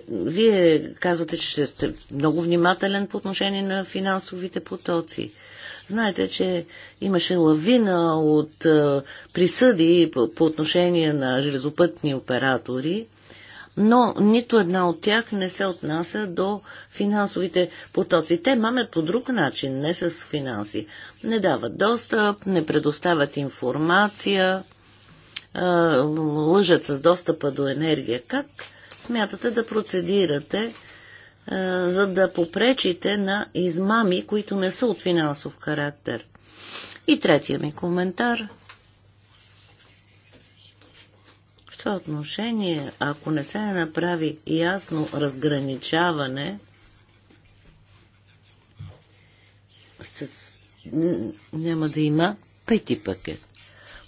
D: Вие казвате, че ще сте много внимателен по отношение на финансовите потоци. Знаете, че имаше лавина от присъди по, отношение на железопътни оператори, но нито една от тях не се отнася до финансовите потоци. Те мамят по друг начин, не с финанси. Не дават достъп, не предоставят информация, лъжат с достъпа до енергия. Как? смятате да процедирате, за да попречите на измами, които не са от финансов характер? И третия ми коментар. В това отношение, ако не се направи ясно разграничаване с... няма да има пети пакет.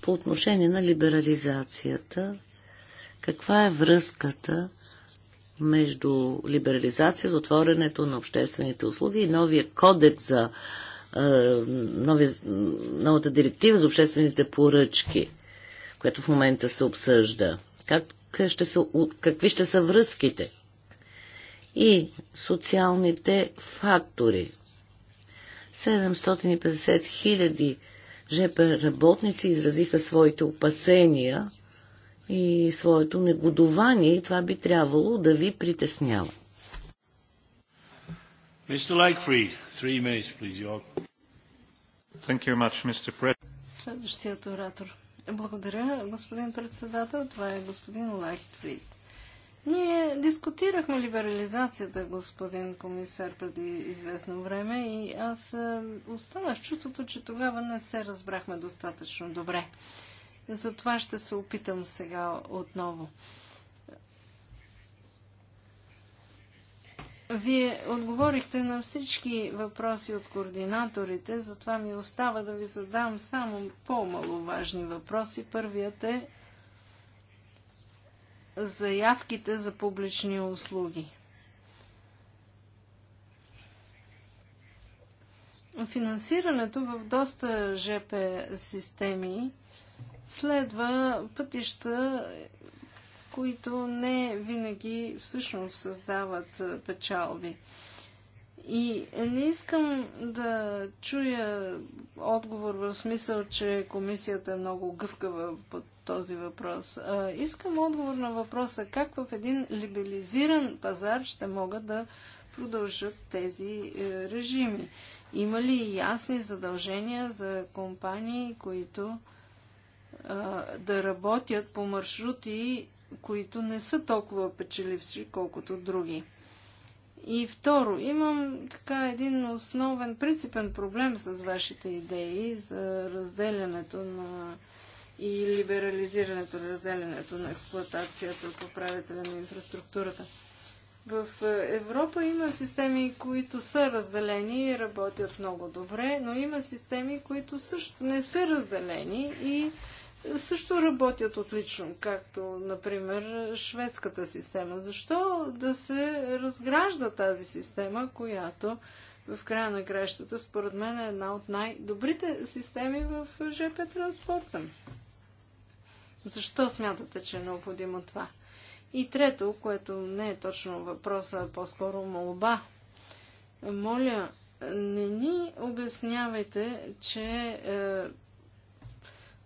D: По отношение на либерализацията, каква е връзката между либерализация, отворенето на обществените услуги и новия кодекс за е, нови, новата директива за обществените поръчки, която в момента се обсъжда. Как ще са, какви ще са връзките? И социалните фактори. 750 хиляди ЖП работници изразиха своите опасения и своето негодование и това би трябвало да ви притеснява.
B: Следващият оратор. Благодаря, господин председател. Това е господин Лайхтфрид. Ние дискутирахме либерализацията, господин комисар, преди известно време и аз е, останах чувството, че тогава не се разбрахме достатъчно добре. Затова ще се опитам сега отново. Вие отговорихте на всички въпроси от координаторите, затова ми остава да ви задам само по-маловажни въпроси. Първият е заявките за публични услуги. Финансирането в доста ЖП системи следва пътища, които не винаги всъщност създават печалби. И не искам да чуя отговор в смисъл, че комисията е много гъвкава по този въпрос. А, искам отговор на въпроса как в един либелизиран пазар ще могат да продължат тези е, режими. Има ли ясни задължения за компании, които да работят по маршрути, които не са толкова печеливши, колкото други. И второ, имам така един основен принципен проблем с вашите идеи за разделянето на и либерализирането, разделянето на експлуатацията от управителя на инфраструктурата. В Европа има системи, които са разделени и работят много добре, но има системи, които също не са разделени и също работят отлично, както, например, шведската система. Защо да се разгражда тази система, която в края на кращата, според мен, е една от най-добрите системи в ЖП транспорта? Защо смятате, че е необходимо това? И трето, което не е точно въпроса, а по-скоро молба. Моля, не ни обяснявайте, че е,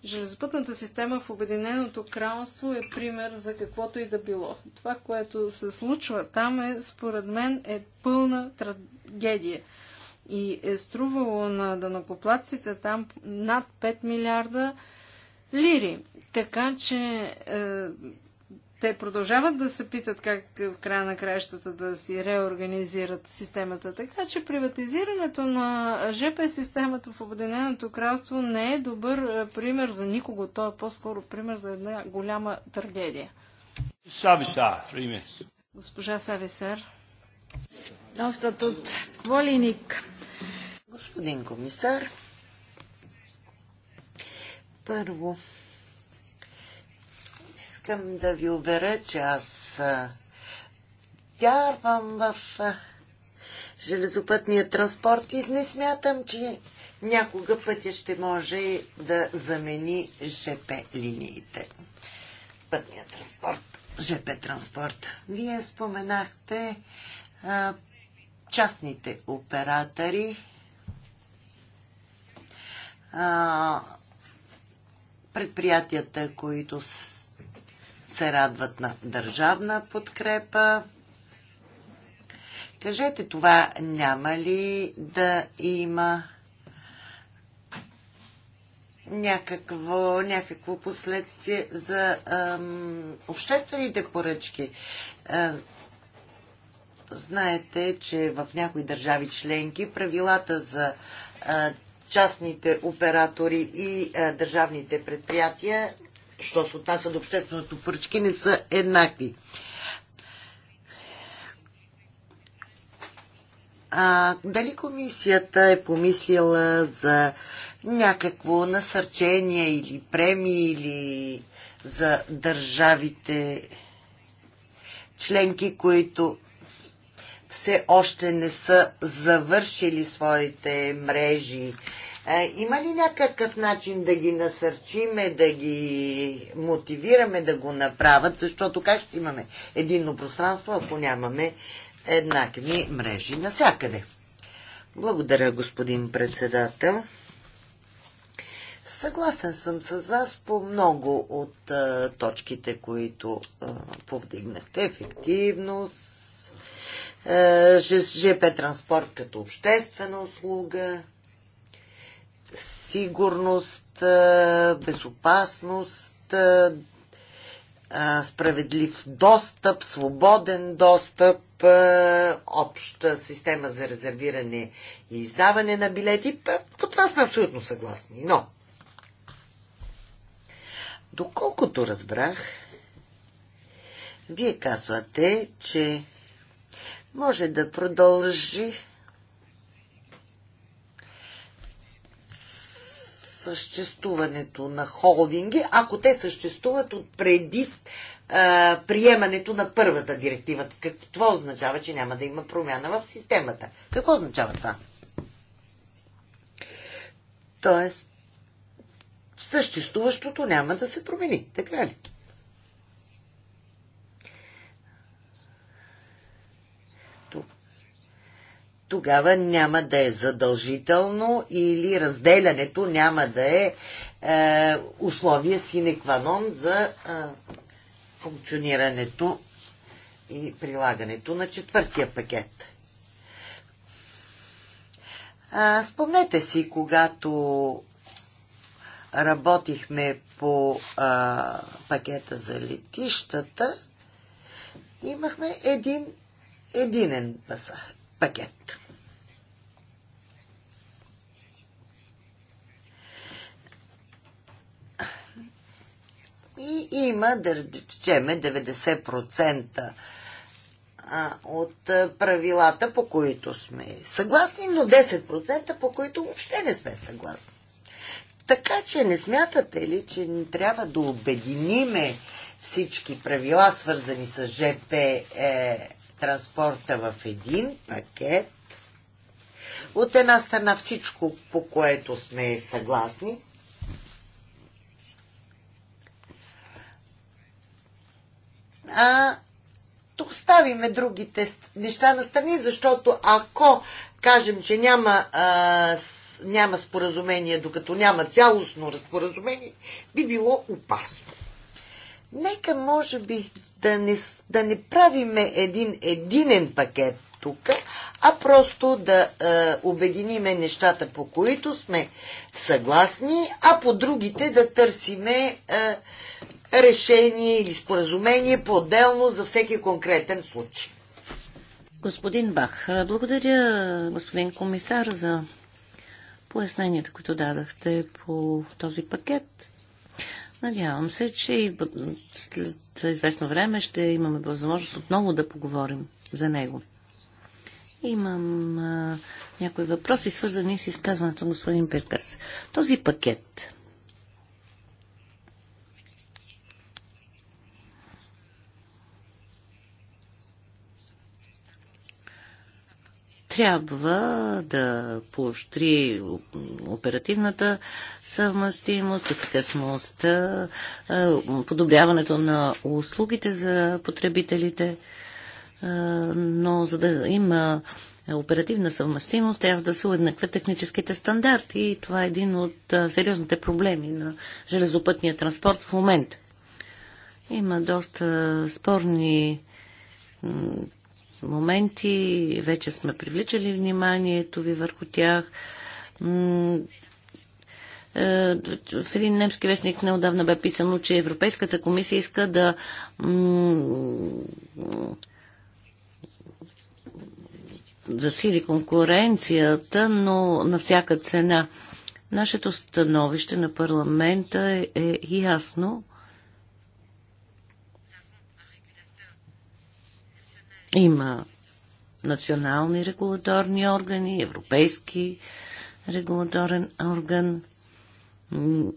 B: Железопътната система в Обединеното кралство е пример за каквото и да било. Това, което се случва там е, според мен, е пълна трагедия. И е струвало на данакоплаците там над 5 милиарда лири. Така че е, те продължават да се питат как в края на краищата да си реорганизират системата. Така че приватизирането на ЖП системата в Обединеното кралство не е добър е, пример за никого. То е по-скоро пример за една голяма трагедия.
A: Сависар,
B: Госпожа Сависар. Автотут Волиник. Господин комисар, първо,
C: искам да ви уверя, че аз вярвам в железопътния транспорт и не смятам, че някога пътя ще може да замени ЖП линиите. Пътния транспорт, ЖП транспорт. Вие споменахте а, частните оператори. А, предприятията, които се радват на държавна подкрепа. Кажете това, няма ли да има някакво, някакво последствие за ам, обществените поръчки? знаете, че в някои държави членки правилата за а, частните оператори и а, държавните предприятия що се отнася до общественото поръчки, не са еднакви. А, дали комисията е помислила за някакво насърчение или премии или за държавите членки, които все още не са завършили своите мрежи е, има ли някакъв начин да ги насърчиме, да ги мотивираме да го направят? Защото как ще имаме единно пространство, ако нямаме еднакви мрежи насякъде? Благодаря, господин председател. Съгласен съм с вас по много от а, е, точките, които а, е, повдигнахте. Ефективност, ЖП транспорт като обществена услуга, сигурност, безопасност, справедлив достъп, свободен достъп, обща система за резервиране и издаване на билети. По това сме абсолютно съгласни. Но, доколкото разбрах, вие казвате, че може да продължи съществуването на холдинги, ако те съществуват от преди а, приемането на първата директива. Какво означава, че няма да има промяна в системата? Какво означава това? Тоест, съществуващото няма да се промени. Така ли? тогава няма да е задължително или разделянето няма да е, е условие синекванон за е, функционирането и прилагането на четвъртия пакет. А, спомнете си, когато работихме по а, пакета за летищата, имахме един единен пакет. И има, да речеме, 90% от правилата, по които сме съгласни, но 10% по които въобще не сме съгласни. Така че не смятате ли, че не трябва да обединиме всички правила, свързани с ЖП е, транспорта в един пакет. От една страна всичко, по което сме съгласни. А тук ставиме другите неща на страни, защото ако кажем, че няма, а, с, няма споразумение, докато няма цялостно разпоразумение, би било опасно. Нека, може би, да не, да не правиме един единен пакет тук, а просто да е, обединиме нещата, по които сме съгласни, а по другите да търсиме е, решение или споразумение по-отделно за всеки конкретен случай.
D: Господин Бах, благодаря, господин комисар, за поясненията, които дадахте по този пакет. Надявам се, че и след известно време ще имаме възможност отново да поговорим за него. Имам а, някои въпроси, свързани с изказването на господин Пиркас. Този пакет трябва да поощри оперативната съвместимост, ефикасността, подобряването на услугите за потребителите, но за да има оперативна съвместимост, трябва да се уеднакват техническите стандарти и това е един от сериозните проблеми на железопътния транспорт в момента. Има доста спорни моменти, вече сме привличали вниманието ви върху тях. Е, в един немски вестник неодавна бе писано, че Европейската комисия иска да засили конкуренцията, но на всяка цена. Нашето становище на парламента е, е ясно Има национални регулаторни органи, европейски регулаторен орган.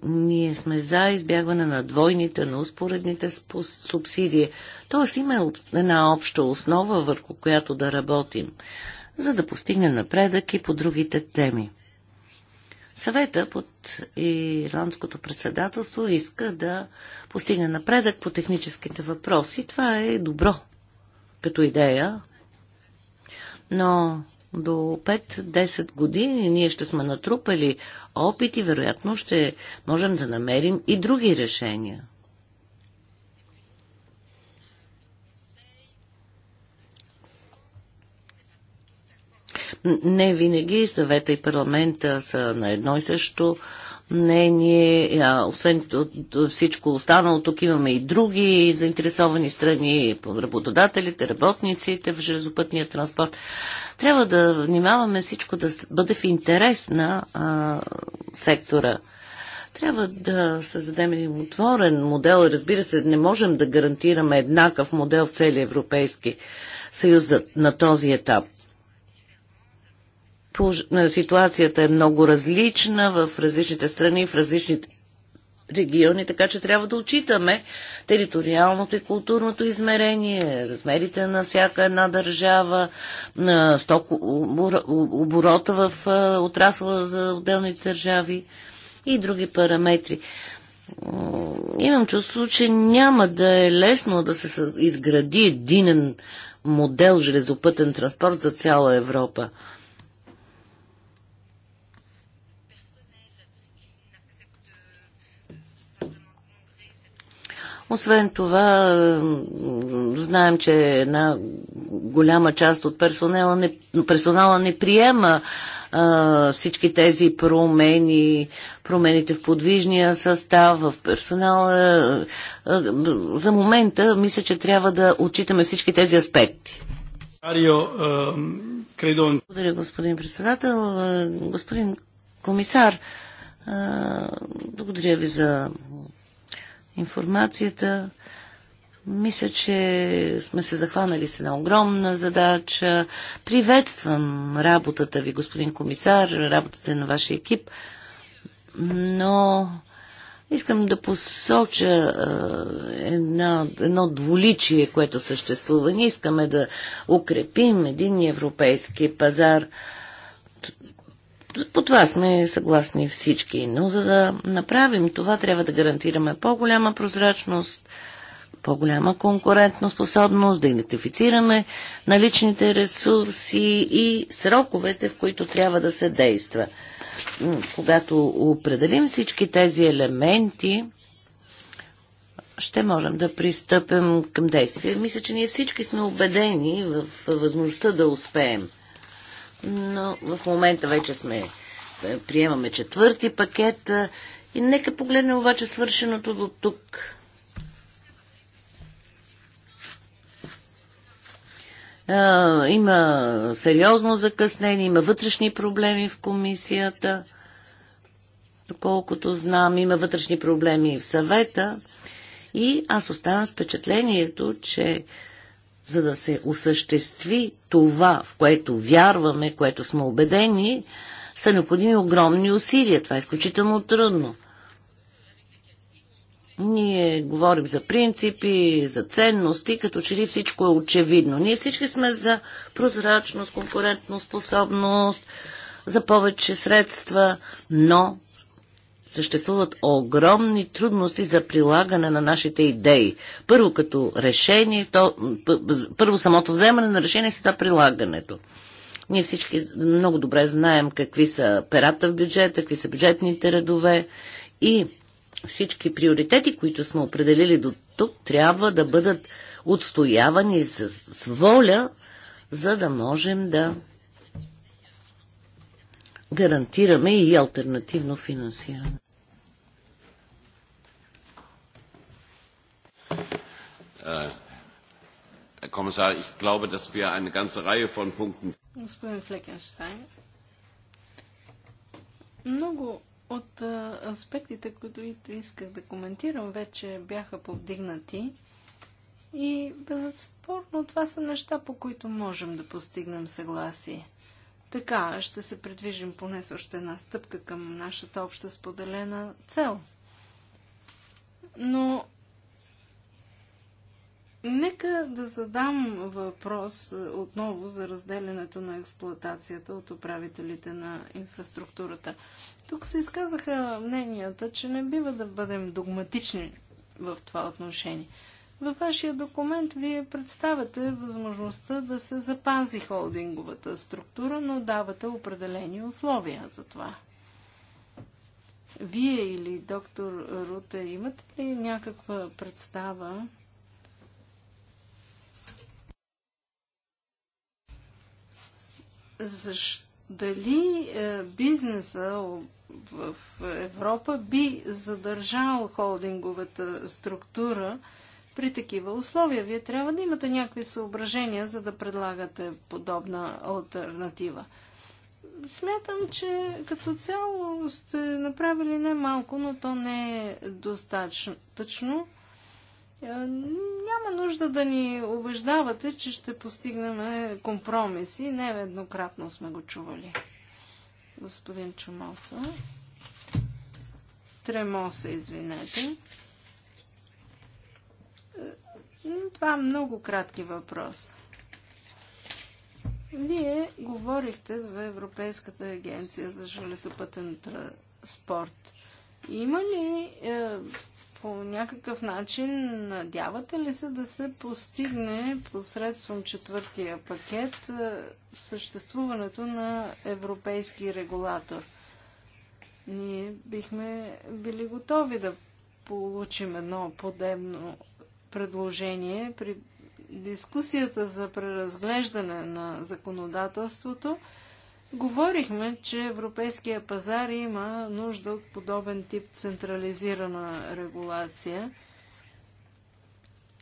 D: Ние сме за избягване на двойните, на успоредните субсидии. Тоест има една обща основа, върху която да работим, за да постигне напредък и по другите теми. Съвета под ирландското председателство иска да постигне напредък по техническите въпроси. Това е добро като идея, но до 5-10 години ние ще сме натрупали опит и вероятно ще можем да намерим и други решения. Не винаги съвета и парламента са на едно и също мнение. А, освен всичко останало, тук имаме и други заинтересовани страни, работодателите, работниците в железопътния транспорт. Трябва да внимаваме всичко да бъде в интерес на а, сектора трябва да създадем един отворен модел. Разбира се, не можем да гарантираме еднакъв модел в целия Европейски съюз на този етап. Ситуацията е много различна в различните страни, в различните региони, така че трябва да отчитаме териториалното и културното измерение, размерите на всяка една държава, на сток, оборота в отрасла за отделните държави и други параметри. Имам чувство, че няма да е лесно да се изгради единен модел железопътен транспорт за цяла Европа. Освен това, знаем, че една голяма част от персонала не, персонала не приема а, всички тези промени, промените в подвижния състав, в персонала. А, за момента мисля, че трябва да отчитаме всички тези аспекти. Благодаря, господин председател. Господин комисар, благодаря ви за информацията. Мисля, че сме се захванали с една огромна задача. Приветствам работата ви, господин комисар, работата на вашия екип, но искам да посоча е, една, едно дволичие, което съществува. Ние искаме да укрепим един европейски пазар по това сме съгласни всички, но за да направим това, трябва да гарантираме по-голяма прозрачност, по-голяма конкурентноспособност, да идентифицираме наличните ресурси и сроковете, в които трябва да се действа. Когато определим всички тези елементи, ще можем да пристъпим към действие. Мисля, че ние всички сме убедени в възможността да успеем но в момента вече сме е, приемаме четвърти пакет е, и нека погледнем обаче свършеното до тук. Е, има сериозно закъснение, има вътрешни проблеми в комисията. Доколкото знам, има вътрешни проблеми и в съвета. И аз оставам с впечатлението, че за да се осъществи това, в което вярваме, което сме убедени, са необходими огромни усилия. Това е изключително трудно. Ние говорим за принципи, за ценности, като че ли всичко е очевидно. Ние всички сме за прозрачност, конкурентност, способност, за повече средства, но съществуват огромни трудности за прилагане на нашите идеи. Първо като решение, то, първо самото вземане на решение, след това прилагането. Ние всички много добре знаем какви са перата в бюджета, какви са бюджетните редове и всички приоритети, които сме определили до тук, трябва да бъдат отстоявани с воля, за да можем да гарантираме и альтернативно финансиране.
A: Э, Herr Kommissar, ich glaube, dass wir eine ganze Reihe von Punkten.
B: Господин Флекенштайн, много от аспектите, които исках да коментирам, вече бяха повдигнати. И безспорно това са неща, по които можем да постигнем съгласие. Така ще се придвижим поне с още една стъпка към нашата обща споделена цел. Но нека да задам въпрос отново за разделянето на експлоатацията от управителите на инфраструктурата. Тук се изказаха мненията, че не бива да бъдем догматични в това отношение. Във вашия документ вие представяте възможността да се запази холдинговата структура, но давате определени условия за това. Вие или доктор Руте имате ли някаква представа защо дали е, бизнеса в Европа би задържал холдинговата структура, при такива условия. Вие трябва да имате някакви съображения, за да предлагате подобна альтернатива. Смятам, че като цяло сте направили не малко, но то не е достатъчно. Е, няма нужда да ни убеждавате, че ще постигнем компромиси. Не еднократно сме го чували. Господин Чумоса. Тремоса, извинете. Два е много кратки въпроса. Вие говорихте за Европейската агенция за железопътен транспорт. Има ли е, по някакъв начин, надявате ли се да се постигне посредством четвъртия пакет е, съществуването на европейски регулатор? Ние бихме били готови да получим едно подебно предложение при дискусията за преразглеждане на законодателството, говорихме, че европейския пазар има нужда от подобен тип централизирана регулация.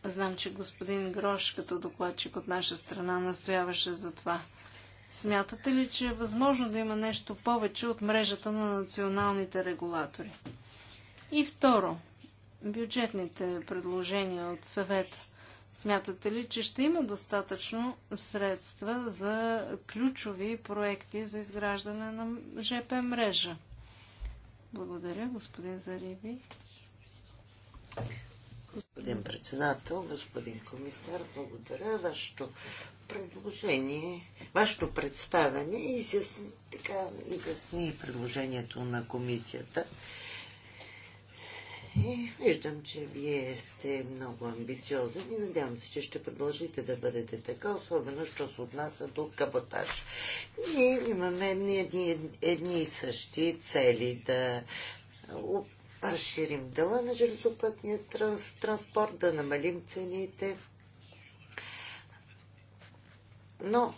B: Знам, че господин Грош, като докладчик от наша страна, настояваше за това. Смятате ли, че е възможно да има нещо повече от мрежата на националните регулатори? И второ, бюджетните предложения от съвета? Смятате ли, че ще има достатъчно средства за ключови проекти за изграждане на ЖП мрежа? Благодаря, господин Зариби.
C: Господин председател, господин комисар, благодаря. Вашето предложение, вашето представяне изясни, така, изясни предложението на комисията. И е, виждам, че вие сте много амбициозен и надявам се, че ще продължите да бъдете така, особено, що се отнася до каботаж. Ние имаме едни, едни, едни и същи цели да разширим дела на железопътния транс, транспорт, да намалим цените. Но,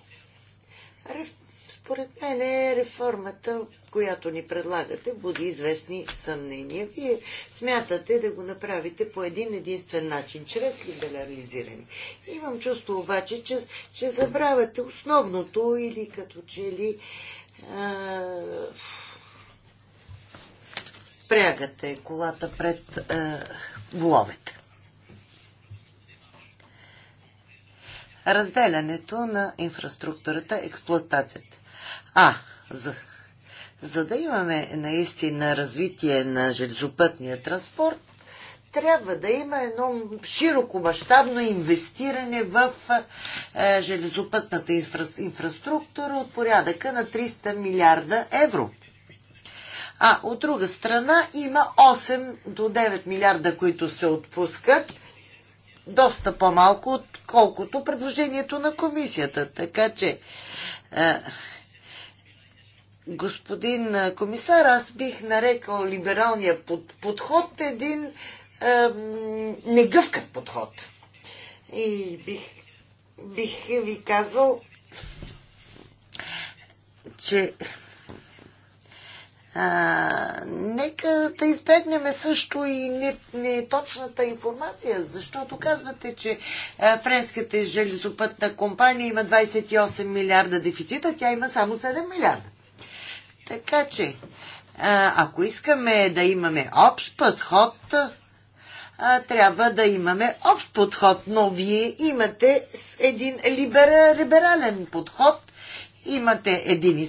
C: според мен, е реформата която ни предлагате, буди известни съмнения. Вие смятате да го направите по един единствен начин, чрез либерализиране. Имам чувство обаче, че, че забравяте основното или като че ли а, прягате колата пред а, ловете. разделянето на инфраструктурата, експлуатацията. А, за за да имаме наистина развитие на железопътния транспорт, трябва да има едно широко мащабно инвестиране в е, железопътната инфра, инфраструктура от порядъка на 300 милиарда евро. А от друга страна има 8 до 9 милиарда, които се отпускат, доста по-малко, отколкото предложението на комисията. Така че. Е, господин комисар, аз бих нарекал либералния под, подход един е, негъвкав подход. И бих, бих ви казал, че а, нека да избегнем също и неточната не информация, защото казвате, че а, френската железопътна компания има 28 милиарда дефицита, тя има само 7 милиарда. Така че, ако искаме да имаме общ подход, а, трябва да имаме общ подход, но вие имате един либер, либерален подход, имате един,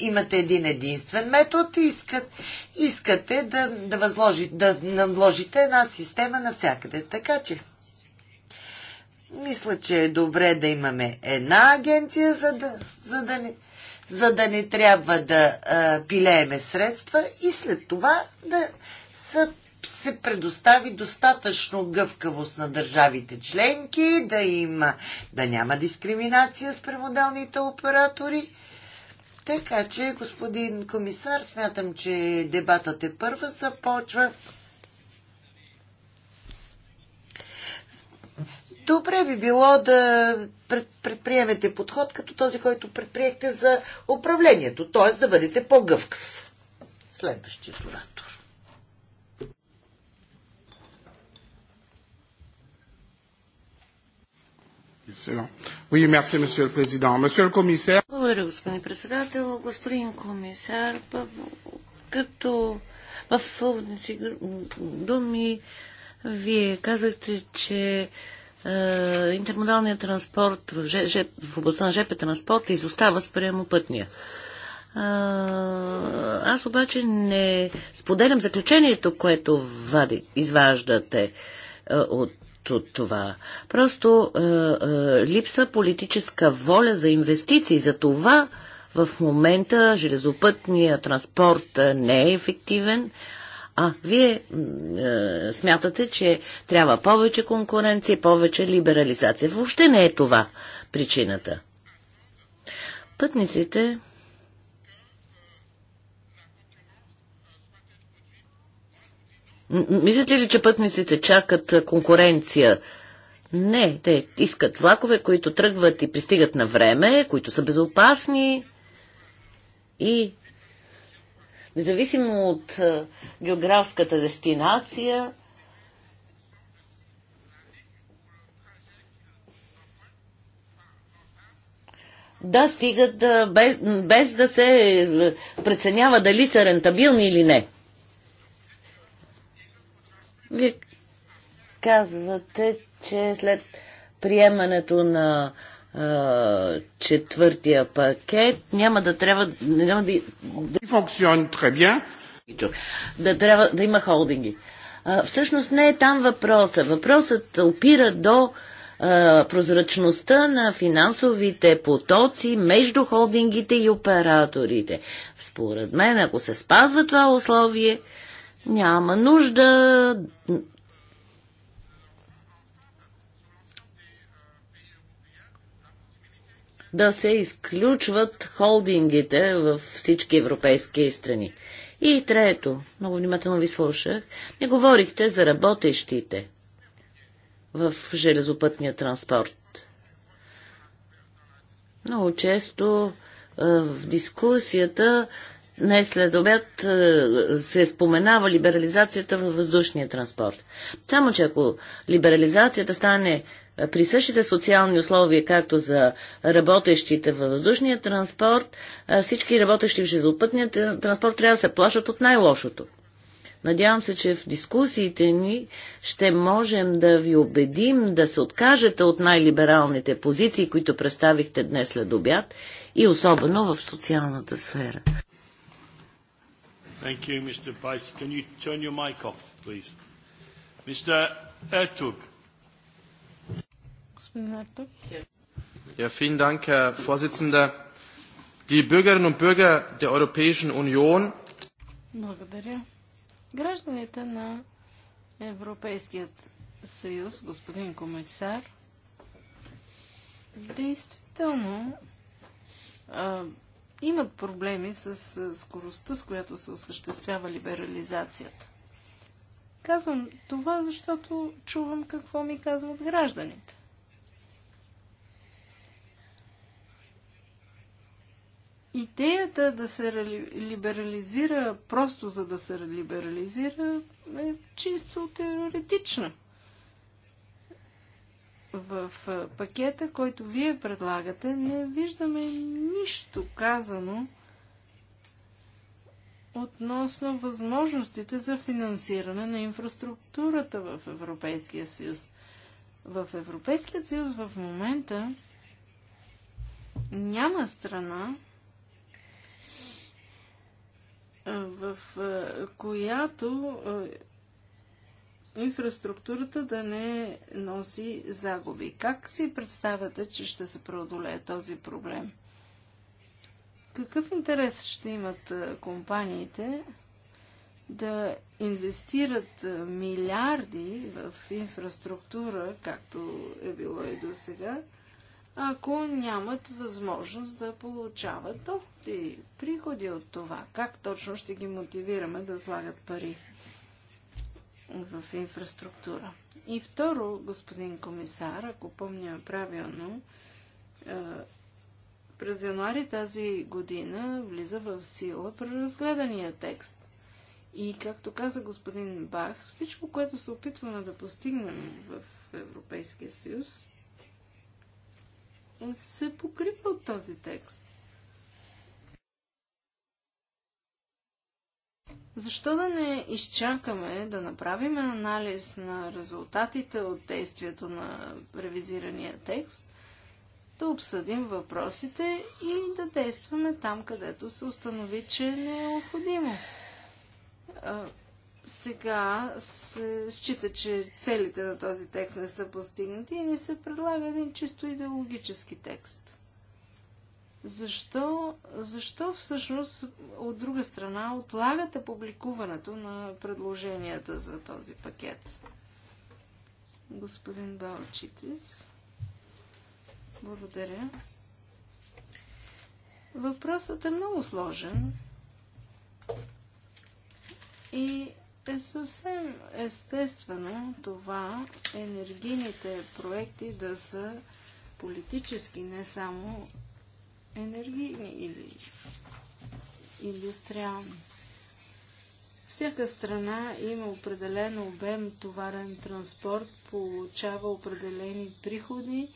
C: имате един единствен метод и искат, искате да, да, възложи, да наложите една система навсякъде. Така че, мисля, че е добре да имаме една агенция, за да, за да не за да не трябва да а, пилееме средства и след това да са се предостави достатъчно гъвкавост на държавите членки, да има, да няма дискриминация с преводелните оператори. Така че, господин комисар, смятам, че дебатът е първа започва. Добре би било да предприемете подход като този, който предприехте за управлението, т.е. да бъдете по-гъвкав. Следващият оратор.
D: Благодаря, господин председател. Господин комисар, като в думи вие казахте, че е, интермодалният транспорт в, ж, в областта на ЖП транспорт изостава спрямо пътния. Е, аз обаче не споделям заключението, което вади, изваждате е, от от това. Просто е, е, липса политическа воля за инвестиции. За това в момента железопътния транспорт не е ефективен, а вие е, смятате, че трябва повече конкуренция, повече либерализация. Въобще не е това причината. Пътниците Мислите ли, че пътниците чакат е, конкуренция? Не, те искат влакове, които тръгват и пристигат на време, които са безопасни и Независимо от е, географската дестинация, да стигат без, без да се е, преценява дали са рентабилни или не. Вие казвате, че след приемането на четвъртия пакет, няма да трябва няма да, да трябва да има холдинги. А, всъщност не е там въпроса. Въпросът опира до а, прозрачността на финансовите потоци между холдингите и операторите. Според мен, ако се спазва това условие, няма нужда да се изключват холдингите във всички европейски страни. И трето, много внимателно ви слушах, не говорихте за работещите в железопътния транспорт. Много често в дискусията днес след обяд се споменава либерализацията във въздушния транспорт. Само, че ако либерализацията стане при същите социални условия, както за работещите във въздушния транспорт, всички работещи в железопътния транспорт трябва да се плашат от най-лошото. Надявам се, че в дискусиите ни ще можем да ви убедим да се откажете от най-либералните позиции, които представихте днес след обяд и особено в социалната сфера.
A: Thank you, Mr. Can you turn your mic off, please? Mr. Ertug.
B: Господин Артур. Ja, vielen Dank, Herr Vorsitzender. Die Bürgerinnen und Bürger der Europäischen Union Благодаря. Гражданите на Европейският съюз, господин комисар, действително а, имат проблеми с скоростта, с която се осъществява либерализацията. Казвам това, защото чувам какво ми казват гражданите. Идеята да се либерализира просто за да се либерализира е чисто теоретична. В пакета, който вие предлагате, не виждаме нищо казано относно възможностите за финансиране на инфраструктурата в Европейския съюз. В Европейския съюз в момента няма страна, в която инфраструктурата да не носи загуби. Как си представяте, че ще се преодолее този проблем? Какъв интерес ще имат компаниите да инвестират милиарди в инфраструктура, както е било и до сега, ако нямат възможност да получават доходи, приходи от това. Как точно ще ги мотивираме да слагат пари в инфраструктура? И второ, господин комисар, ако помня правилно, е, през януари тази година влиза в сила преразгледания текст. И както каза господин Бах, всичко, което се опитваме да постигнем в Европейския съюз, се покрива от този текст. Защо да не изчакаме да направим анализ на резултатите от действието на ревизирания текст, да обсъдим въпросите и да действаме там, където се установи, че е необходимо? Сега се счита, че целите на този текст не са постигнати и ни се предлага един чисто идеологически текст. Защо, защо всъщност от друга страна отлагате публикуването на предложенията за този пакет? Господин Балчитис. Благодаря. Въпросът е много сложен. И е съвсем естествено това енергийните проекти да са политически, не само енергийни или индустриални. Всяка страна има определен обем товарен транспорт, получава определени приходи,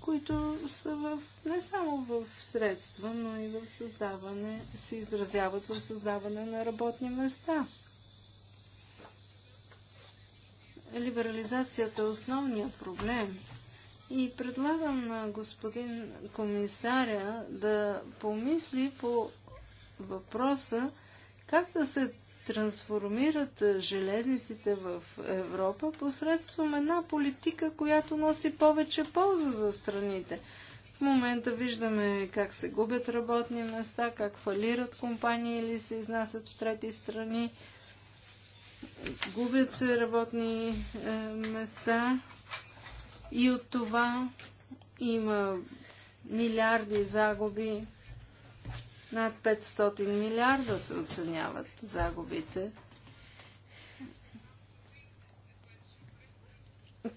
B: които са в, не само в средства, но и в създаване, се изразяват в създаване на работни места – либерализацията е основният проблем. И предлагам на господин комисаря да помисли по въпроса как да се трансформират железниците в Европа посредством една политика, която носи повече полза за страните. В момента виждаме как се губят работни места, как фалират компании или се изнасят в трети страни губят се работни е, места и от това има милиарди загуби. Над 500 милиарда се оценяват загубите.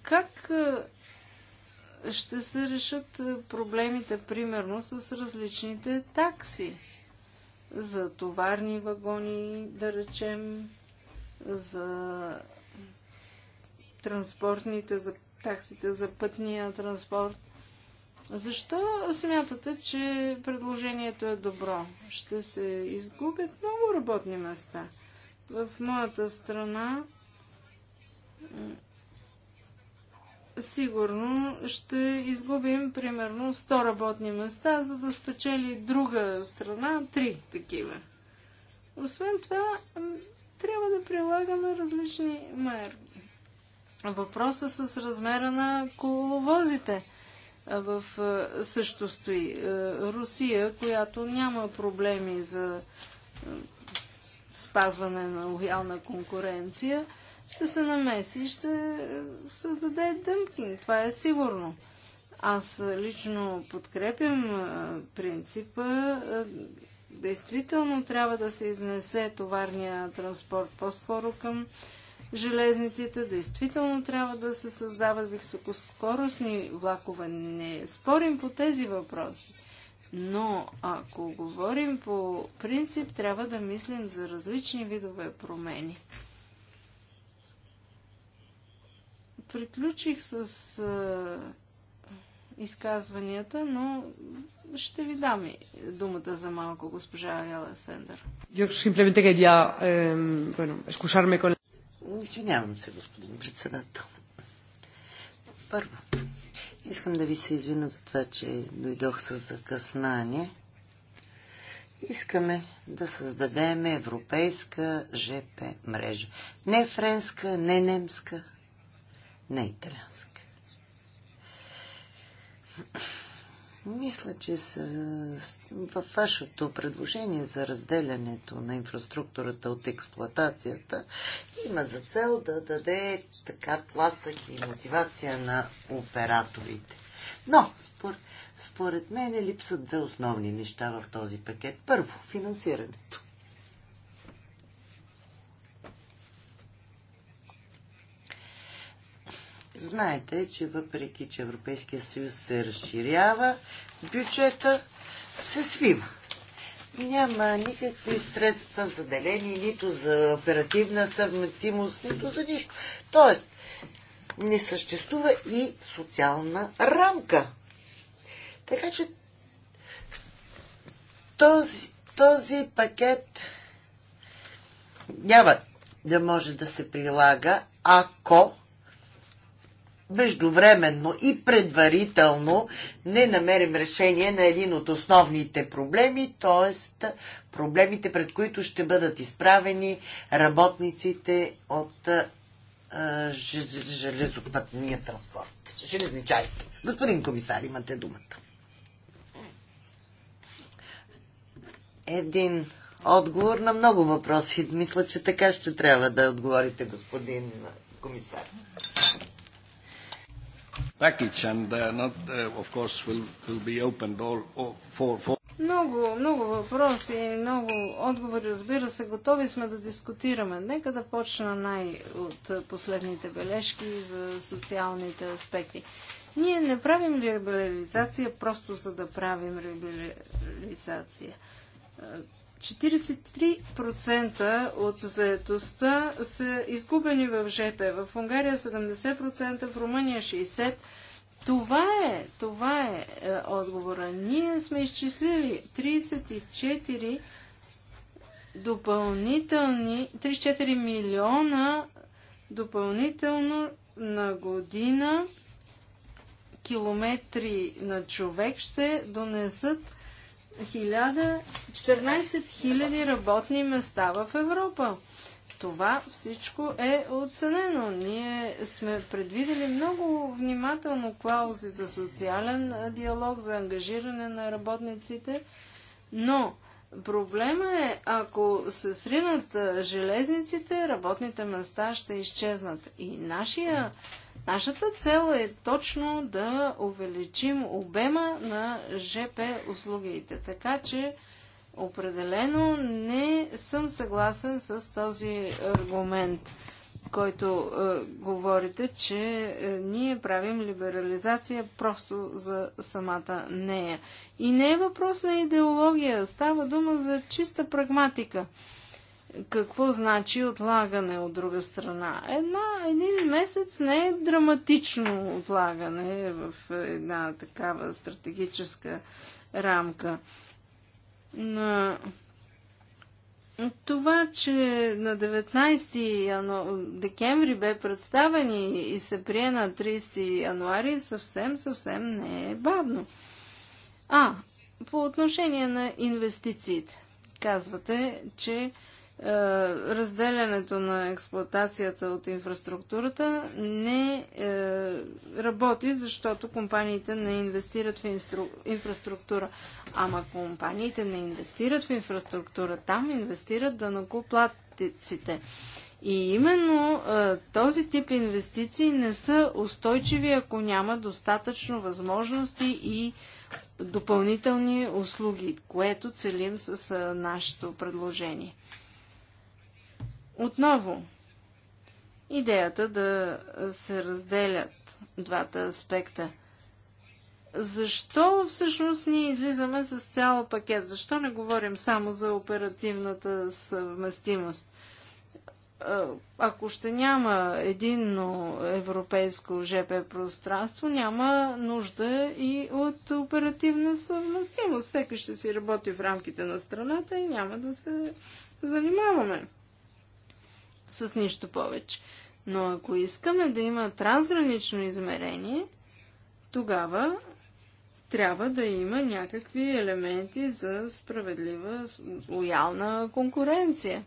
B: Как е, ще се решат е, проблемите, примерно, с различните такси за товарни вагони, да речем, за транспортните, за таксите за пътния транспорт. Защо смятате, че предложението е добро? Ще се изгубят много работни места. В моята страна сигурно ще изгубим примерно 100 работни места, за да спечели друга страна 3 такива. Освен това, трябва да прилагаме различни мерки. Въпроса с размера на коловозите в, също стои. Русия, която няма проблеми за спазване на лоялна конкуренция, ще се намеси и ще създаде дъмпинг. Това е сигурно. Аз лично подкрепям принципа действително трябва да се изнесе товарния транспорт по-скоро към железниците, действително трябва да се създават високоскоростни влакове. Не спорим по тези въпроси. Но ако говорим по принцип, трябва да мислим за различни видове промени. Приключих с изказванията, но ще ви дам думата за малко, госпожа Яла Сендър. Eh,
C: Извинявам се, господин председател. Първо, искам да ви се извина за това, че дойдох с закъснание. Искаме да създадем европейска ЖП мрежа. Не френска, не немска, не италянска. Мисля, че с, във вашето предложение за разделянето на инфраструктурата от експлоатацията има за цел да даде така тласък и мотивация на операторите. Но, спор, според мен, е липсват две основни неща в този пакет. Първо, финансирането. Знаете, че въпреки, че Европейския съюз се разширява, бюджета се свива. Няма никакви средства за делени, нито за оперативна съвместимост, нито за нищо. Тоест, не съществува и социална рамка. Така че този, този пакет няма да може да се прилага, ако междувременно и предварително не намерим решение на един от основните проблеми, т.е. проблемите, пред които ще бъдат изправени работниците от е, железопътния транспорт, железничарите. Господин комисар, имате думата. Един отговор на много въпроси. Мисля, че така ще трябва да отговорите, господин комисар
A: package and uh, not, uh, of course, will, will be opened all, all for, for
B: много, много въпроси, много отговори, разбира се, готови сме да дискутираме. Нека да почна най- от последните бележки за социалните аспекти. Ние не правим либерализация просто за да правим либерализация. 43% от заетостта са изгубени в ЖП. Е. В Унгария 70%, в Румъния 60%. Това е, това е, е отговора. Ние сме изчислили 34 допълнителни, 34 милиона допълнително на година километри на човек ще донесат 14 000 работни места в Европа. Това всичко е оценено. Ние сме предвидели много внимателно клаузи за социален диалог, за ангажиране на работниците, но Проблема е, ако се сринат железниците, работните места ще изчезнат. И нашия Нашата цел е точно да увеличим обема на ЖП услугите, така че определено не съм съгласен с този аргумент, който е, говорите, че е, ние правим либерализация просто за самата нея. И не е въпрос на идеология, става дума за чиста прагматика какво значи отлагане от друга страна? Една, един месец не е драматично отлагане в една такава стратегическа рамка. Но, Това, че на 19 декември бе представени и се прие на 30 януари, съвсем, съвсем не е бавно. А, по отношение на инвестициите. Казвате, че е, разделянето на експлоатацията от инфраструктурата не е, работи, защото компаниите не инвестират в инфраструктура. Ама компаниите не инвестират в инфраструктура, там инвестират да накоплатците. И именно е, този тип инвестиции не са устойчиви, ако няма достатъчно възможности и допълнителни услуги, което целим с е, нашето предложение. Отново, идеята да се разделят двата аспекта. Защо всъщност ние излизаме с цял пакет? Защо не говорим само за оперативната съвместимост? Ако ще няма единно европейско ЖП пространство, няма нужда и от оперативна съвместимост. Всеки ще си работи в рамките на страната и няма да се занимаваме с нищо повече. Но ако искаме да има трансгранично измерение, тогава трябва да има някакви елементи за справедлива, лоялна конкуренция.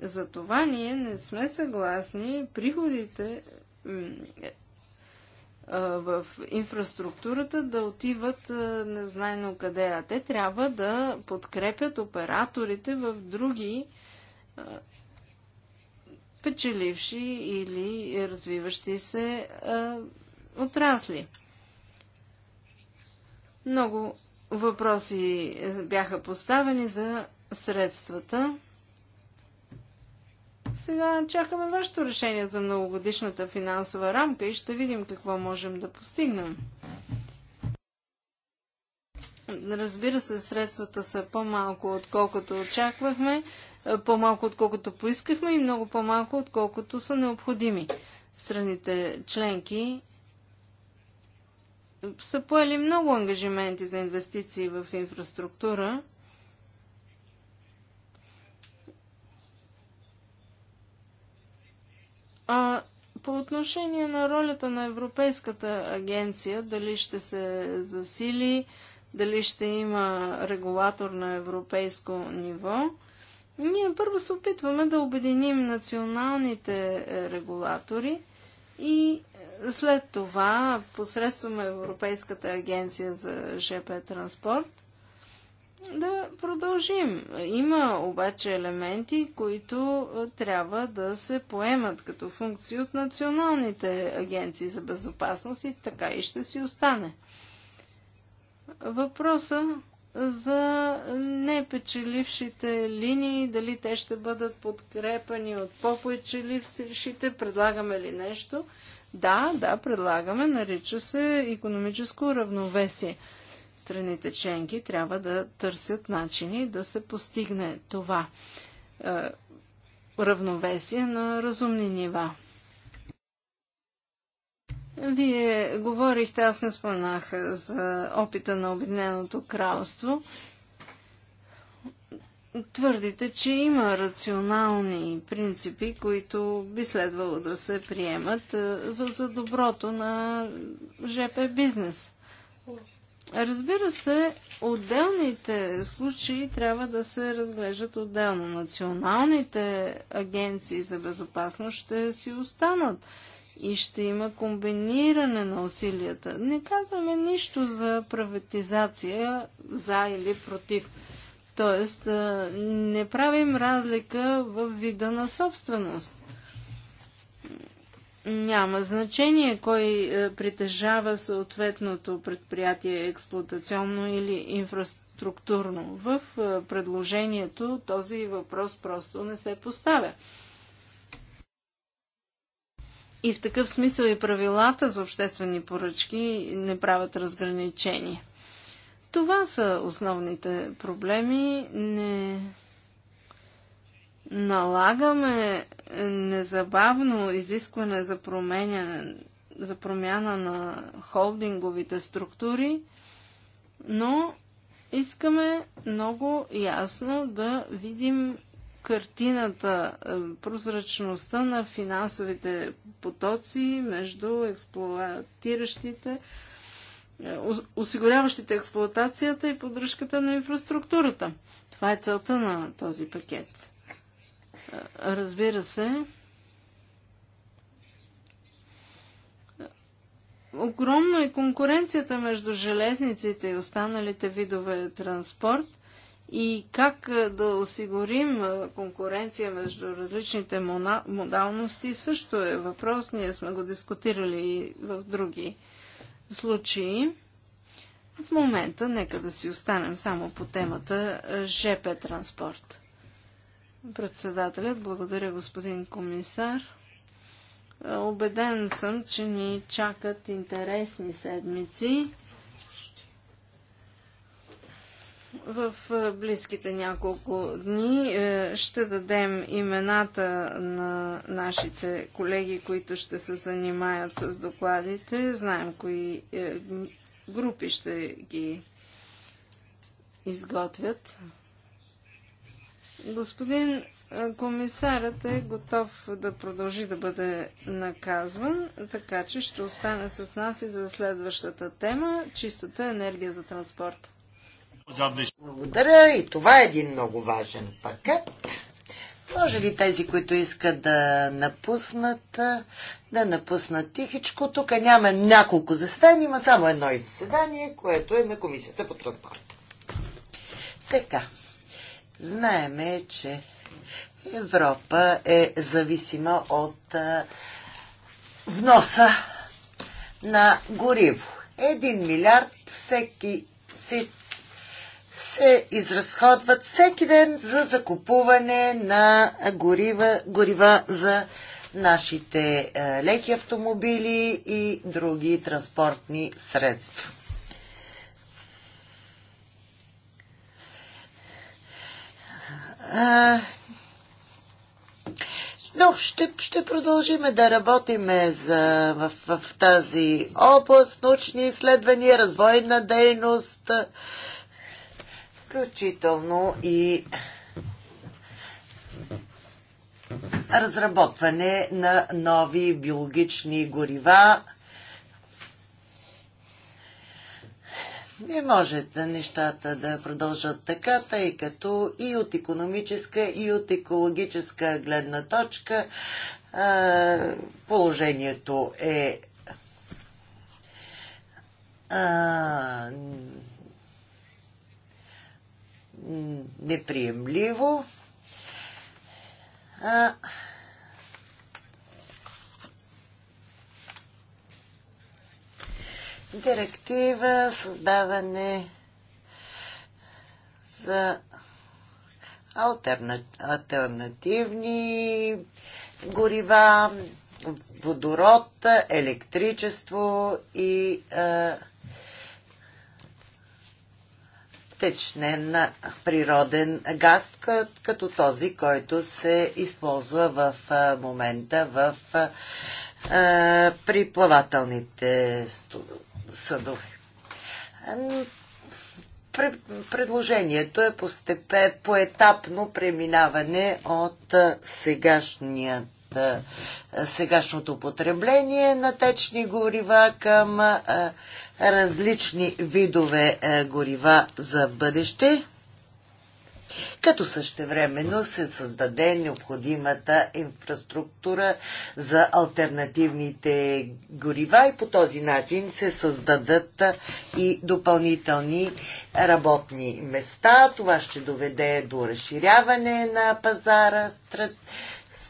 B: Затова ние не сме съгласни приходите е, в инфраструктурата да отиват незнайно къде, а те трябва да подкрепят операторите в други печеливши или развиващи се а, отрасли. Много въпроси е, бяха поставени за средствата. Сега чакаме вашето решение за многогодишната финансова рамка и ще видим какво можем да постигнем. Разбира се, средствата са по-малко, отколкото очаквахме, е, по-малко, отколкото поискахме и много по-малко, отколкото са необходими. Страните членки е, са поели много ангажименти за инвестиции в инфраструктура. А по отношение на ролята на Европейската агенция, дали ще се засили, дали ще има регулатор на европейско ниво, ние първо се опитваме да обединим националните е, регулатори и е, след това посредством Европейската агенция за ЖП транспорт да продължим. Има обаче елементи, които е, трябва да се поемат като функции от националните агенции за безопасност и така и ще си остане. Въпроса за непечелившите линии, дали те ще бъдат подкрепани от по-печелившите, предлагаме ли нещо? Да, да, предлагаме, нарича се економическо равновесие. Страните членки трябва да търсят начини да се постигне това е, равновесие на разумни нива. Вие говорихте, аз не споменах за опита на Обединеното кралство. Твърдите, че има рационални принципи, които би следвало да се приемат е, за доброто на ЖП бизнес. Разбира се, отделните случаи трябва да се разглеждат отделно. Националните агенции за безопасност ще си останат и ще има комбиниране на усилията. Не казваме нищо за приватизация, за или против. Тоест, не правим разлика в вида на собственост. Няма значение кой е, притежава съответното предприятие, експлуатационно или инфраструктурно. В е, предложението този въпрос просто не се поставя. И в такъв смисъл и правилата за обществени поръчки не правят разграничение. Това са основните проблеми. Не налагаме незабавно изискване за, променя, за промяна на холдинговите структури, но искаме много ясно да видим картината, е, прозрачността на финансовите потоци между експлуатиращите, е, осигуряващите експлуатацията и поддръжката на инфраструктурата. Това е целта на този пакет. Е, разбира се, огромно е конкуренцията между железниците и останалите видове транспорт и как е, да осигурим е, конкуренция между различните модалности също е въпрос. Ние сме го дискутирали и в други случаи. В момента нека да си останем само по темата е, ЖП транспорт. Председателят, благодаря господин комисар. Обеден съм, че ни чакат интересни седмици. В близките няколко дни е, ще дадем имената на нашите колеги, които ще се занимаят с докладите. Знаем кои е, групи ще ги изготвят. Господин е, комисарът е готов да продължи да бъде наказван, така че ще остане с нас и за следващата тема чистата енергия за транспорт.
C: Благодаря и това е един много важен пакет. Може ли тези, които искат да напуснат, да напуснат тихичко? Тук няма няколко заседания, има само едно заседание, което е на Комисията по транспорт. Така, знаеме, че Европа е зависима от вноса на гориво. Един милиард всеки, се изразходват всеки ден за закупуване на горива, горива за нашите е, леки автомобили и други транспортни средства. Но ще, ще продължиме да работиме за, в, в тази област, научни изследвания, развойна дейност, включително и разработване на нови биологични горива. Не може нещата да продължат така, тъй като и от економическа, и от екологическа гледна точка положението е неприемливо. А, директива, създаване за альтернативни горива, водород, електричество и а, течнен природен газ, като този, който се използва в момента в при плавателните съдове. Предложението е поетапно преминаване от сегашният сегашното потребление на течни горива към различни видове е, горива за бъдеще, като същевременно се създаде необходимата инфраструктура за альтернативните горива и по този начин се създадат е, и допълнителни работни места. Това ще доведе до разширяване на пазара,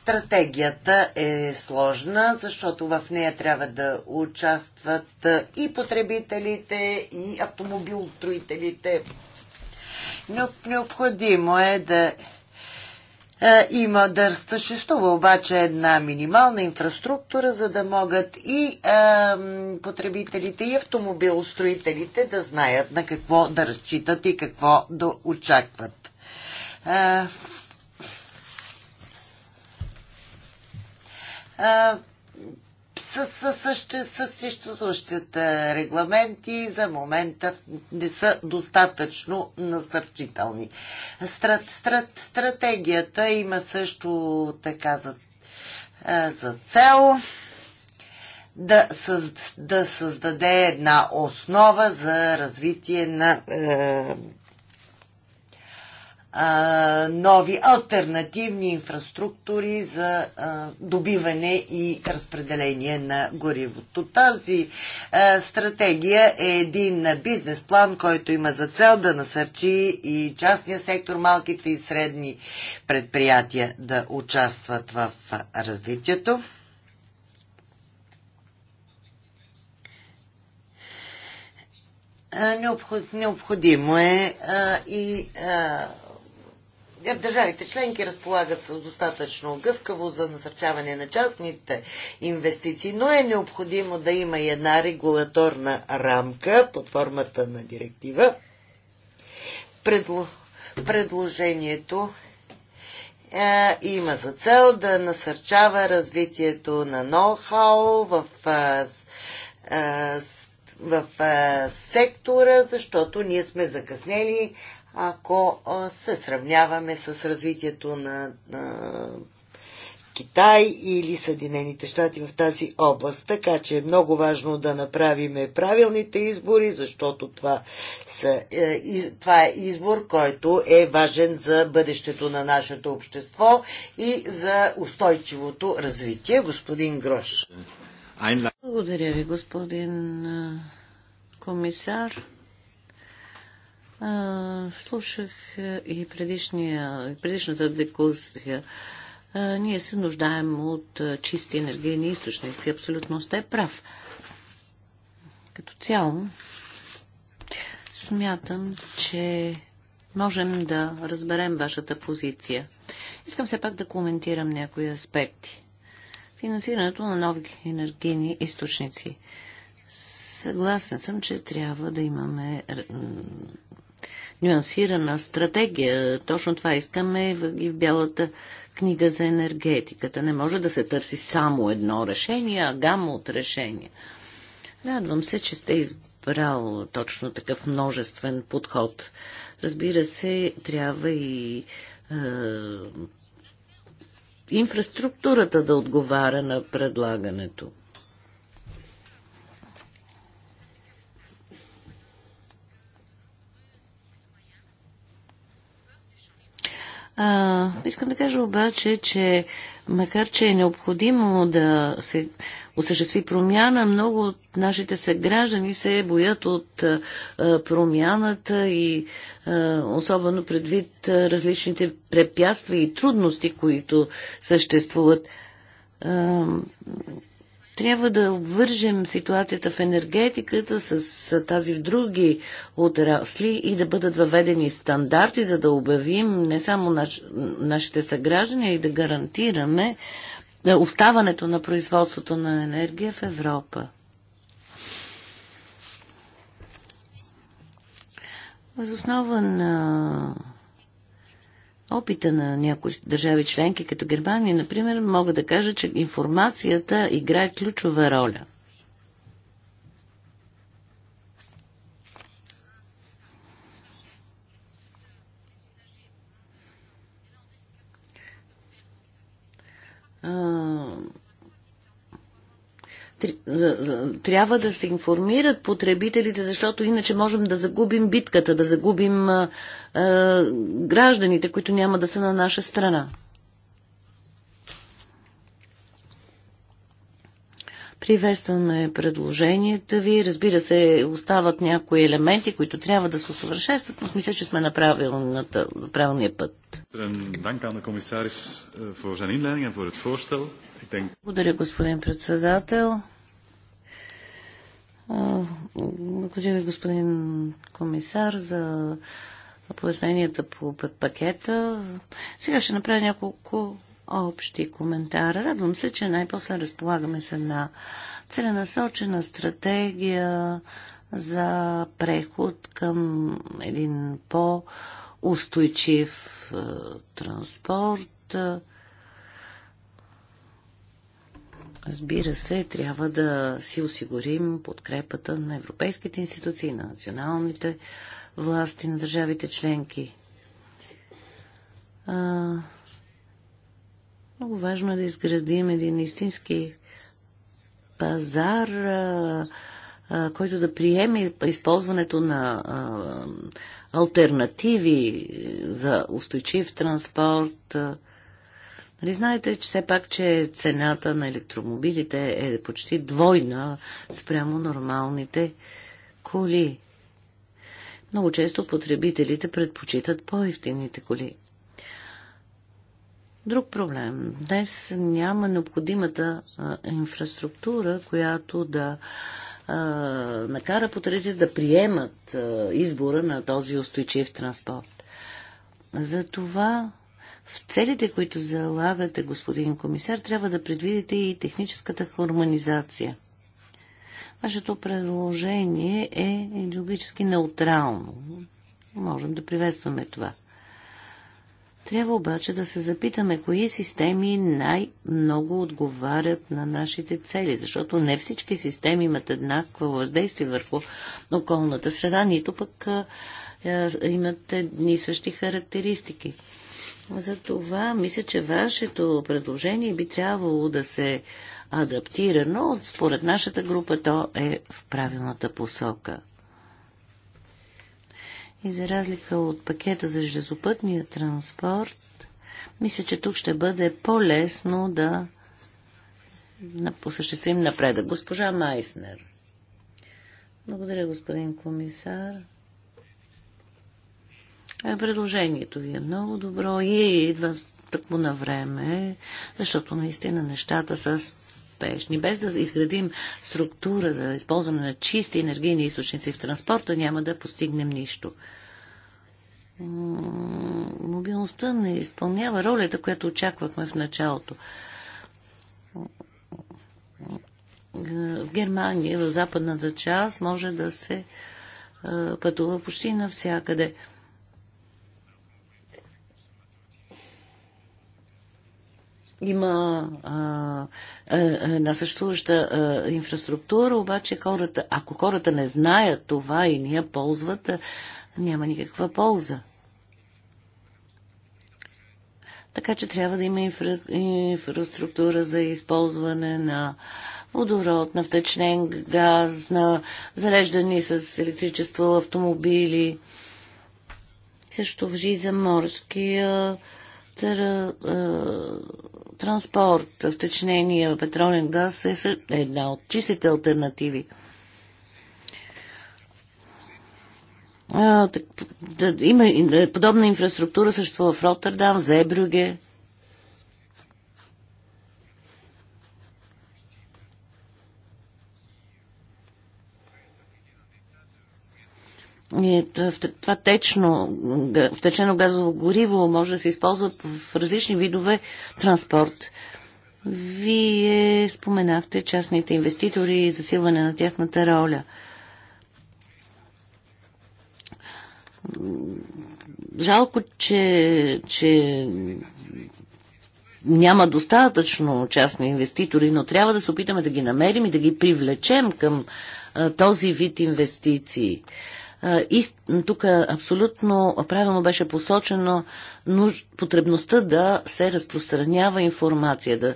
C: Стратегията е сложна, защото в нея трябва да участват и потребителите, и автомобилостроителите. Необходимо е да има да съществува обаче една минимална инфраструктура, за да могат и потребителите и автомобилостроителите да знаят на какво да разчитат и какво да очакват. съществуващите регламенти за момента не са достатъчно насърчителни. Страт, страт, стратегията има също така за, за цел да, да създаде една основа за развитие на е, нови альтернативни инфраструктури за а, добиване и разпределение на горивото. Тази а, стратегия е един бизнес план, който има за цел да насърчи и частния сектор, малките и средни предприятия да участват в развитието. Необходимо е и е, държавите членки разполагат с достатъчно гъвкаво за насърчаване на частните инвестиции, но е необходимо да има и една регулаторна рамка под формата на директива. Предло... Предложението е, има за цел да насърчава развитието на ноу-хау в в а, сектора, защото ние сме закъснели ако се сравняваме с развитието на, на Китай или Съединените щати в тази област. Така че е много важно да направим правилните избори, защото това, са, е, това е избор, който е важен за бъдещето на нашето общество и за устойчивото развитие. Господин Грош. Благодаря
D: ви, господин комисар слушах и предишния, предишната дискусия. Ние се нуждаем от чисти енергийни източници. Абсолютно сте прав. Като цяло, смятам, че можем да разберем вашата позиция. Искам все пак да коментирам някои аспекти. Финансирането на нови енергийни източници. Съгласен съм, че трябва да имаме нюансирана стратегия. Точно това искаме и в бялата книга за енергетиката. Не може да се търси само едно решение, а гама от решения. Радвам се, че сте избрал точно такъв множествен подход. Разбира се, трябва и е, инфраструктурата да отговаря на предлагането. А, искам да кажа обаче, че макар, че е необходимо да се осъществи промяна, много от нашите съграждани се боят от а, промяната и а, особено предвид а, различните препятствия и трудности, които съществуват. А, трябва да обвържем ситуацията в енергетиката с, с тази в други отрасли и да бъдат въведени стандарти, за да обявим не само наш, нашите съграждани, а и да гарантираме е, оставането на производството на енергия в Европа. Възоснова на опита на някои държави членки, като Германия, например, мога да кажа, че информацията играе ключова роля трябва да се информират потребителите, защото иначе можем да загубим битката, да загубим гражданите, които няма да са на наша страна. Приветстваме предложенията ви. Разбира се, остават някои елементи, които трябва да се усъвършенстват, но мисля, че сме на, на правилния път.
C: Eh,
D: благодаря, господин председател. Благодаря ви, господин комисар, за поясненията по пакета. Сега ще направя няколко общи коментара. Радвам се, че най-после разполагаме с една целенасочена стратегия за преход към един по-устойчив е, транспорт. Разбира се, трябва да си осигурим подкрепата на европейските институции, на националните власти, на държавите членки. Много важно е да изградим един истински пазар, който да приеме използването на альтернативи за устойчив транспорт. Нали знаете, че все пак, че цената на електромобилите е почти двойна спрямо нормалните коли. Много често потребителите предпочитат по-ефтините коли. Друг проблем. Днес няма необходимата а, инфраструктура, която да а, накара потребителите да приемат а, избора на този устойчив транспорт. Затова в целите, които залагате, господин комисар, трябва да предвидите и техническата хармонизация. Вашето предложение е идеологически неутрално. Можем да приветстваме това. Трябва обаче да се запитаме кои системи най-много отговарят на нашите цели, защото не всички системи имат еднакво въздействие върху околната среда, нито пък имат едни същи характеристики. Затова мисля, че вашето предложение би трябвало да се адаптира, но според нашата група то е в правилната посока. И за разлика от пакета за железопътния транспорт, мисля, че тук ще бъде по-лесно да посъществим напредък. Госпожа Майснер. Благодаря, господин комисар. Е, предложението ви е много добро и е идва тъкмо на време, защото наистина нещата са успешни. Без да изградим структура за използване на чисти енергийни източници в транспорта, няма да постигнем нищо. Мобилността не изпълнява ролята, която очаквахме в началото. В Германия, в западната част, може да се пътува почти навсякъде. има една съществуваща инфраструктура, обаче хората, ако хората не знаят това и не я ползват, а, няма никаква полза. Така че трябва да има инфра... инфраструктура за използване на водород, на втечнен газ, на зареждани с електричество автомобили. Също въжи за морския тър транспорт, втечнения, петролен газ е, е една от чистите альтернативи. А, так, да, има е, подобна инфраструктура също в Роттердам, в Зебрюге. Е, това течно, втечено газово гориво може да се използва в различни видове транспорт. Вие споменахте частните инвеститори и засилване на тяхната роля. Жалко, че, че няма достатъчно частни инвеститори, но трябва да се опитаме да ги намерим и да ги привлечем към а, този вид инвестиции. А, тук абсолютно правилно беше посочено нуж... потребността да се разпространява информация, да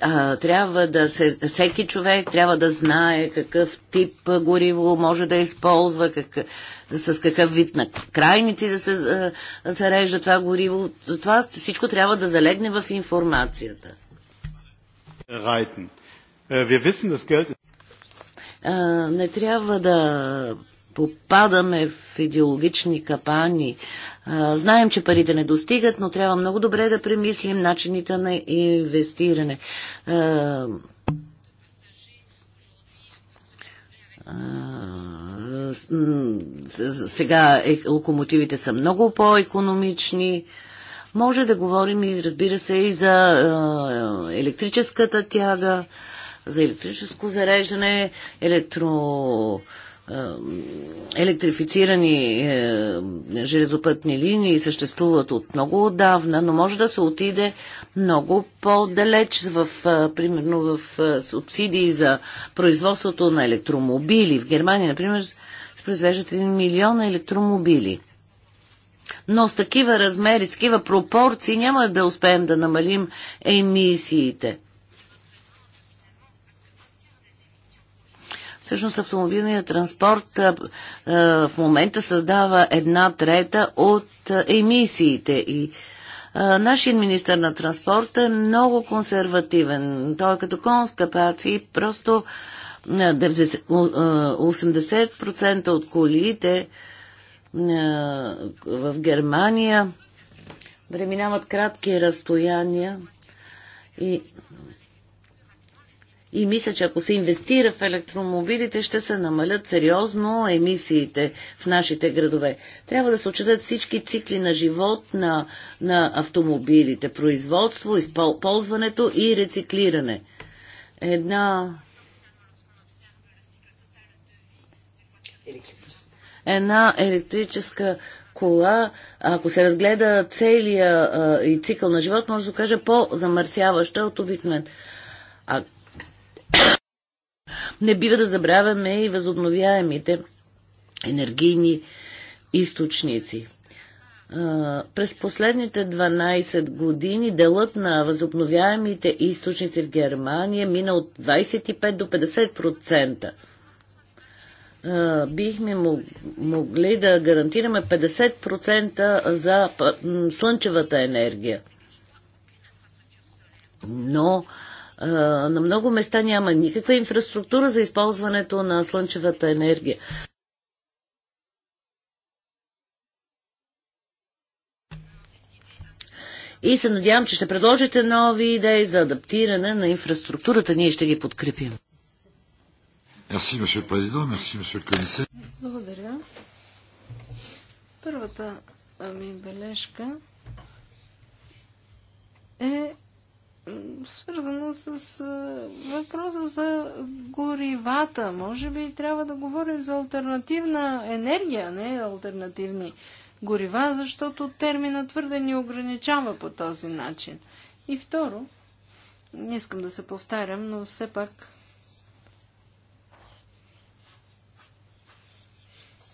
D: а, трябва да се, всеки човек трябва да знае какъв тип гориво може да използва, как, с какъв вид на крайници да се зарежда това гориво. Това всичко трябва да залегне в информацията.
A: Райтен. Е,
D: не трябва да попадаме в идеологични капани. знаем, че парите не достигат, но трябва много добре да премислим начините на инвестиране. сега е, локомотивите са много по-економични. Може да говорим, и, разбира се, и за електрическата тяга, за електрическо зареждане, електро електрифицирани е, железопътни линии съществуват от много отдавна, но може да се отиде много по-далеч в, примерно в субсидии за производството на електромобили. В Германия, например, се произвеждат 1 милион електромобили. Но с такива размери, с такива пропорции няма да успеем да намалим емисиите. Всъщност автомобилният транспорт а, а, в момента създава една трета от а, емисиите и Нашият министър на транспорта е много консервативен. Той е като конскапаци, с просто 80% от колите в Германия преминават кратки разстояния и и мисля, че ако се инвестира в електромобилите, ще се намалят сериозно емисиите в нашите градове. Трябва да се отчитат всички цикли на живот на, на автомобилите. Производство, използването и рециклиране. Една една електрическа кола, ако се разгледа целия а, и цикъл на живот, може да се каже по-замърсяваща от обикновен. Не бива да забравяме и възобновяемите енергийни източници. През последните 12 години делът на възобновяемите източници в Германия мина от 25 до 50% бихме могли да гарантираме 50% за слънчевата енергия. Но на много места няма никаква инфраструктура за използването на слънчевата енергия. И се надявам, че ще предложите нови идеи за адаптиране на инфраструктурата. Ние ще ги подкрепим.
B: Мерси, месье президент.
C: Мерси, месье комисар.
B: Благодаря. Първата ми бележка е свързано с въпроса за горивата. Може би трябва да говорим за альтернативна енергия, не альтернативни горива, защото термина твърде ни ограничава по този начин. И второ, не искам да се повтарям, но все пак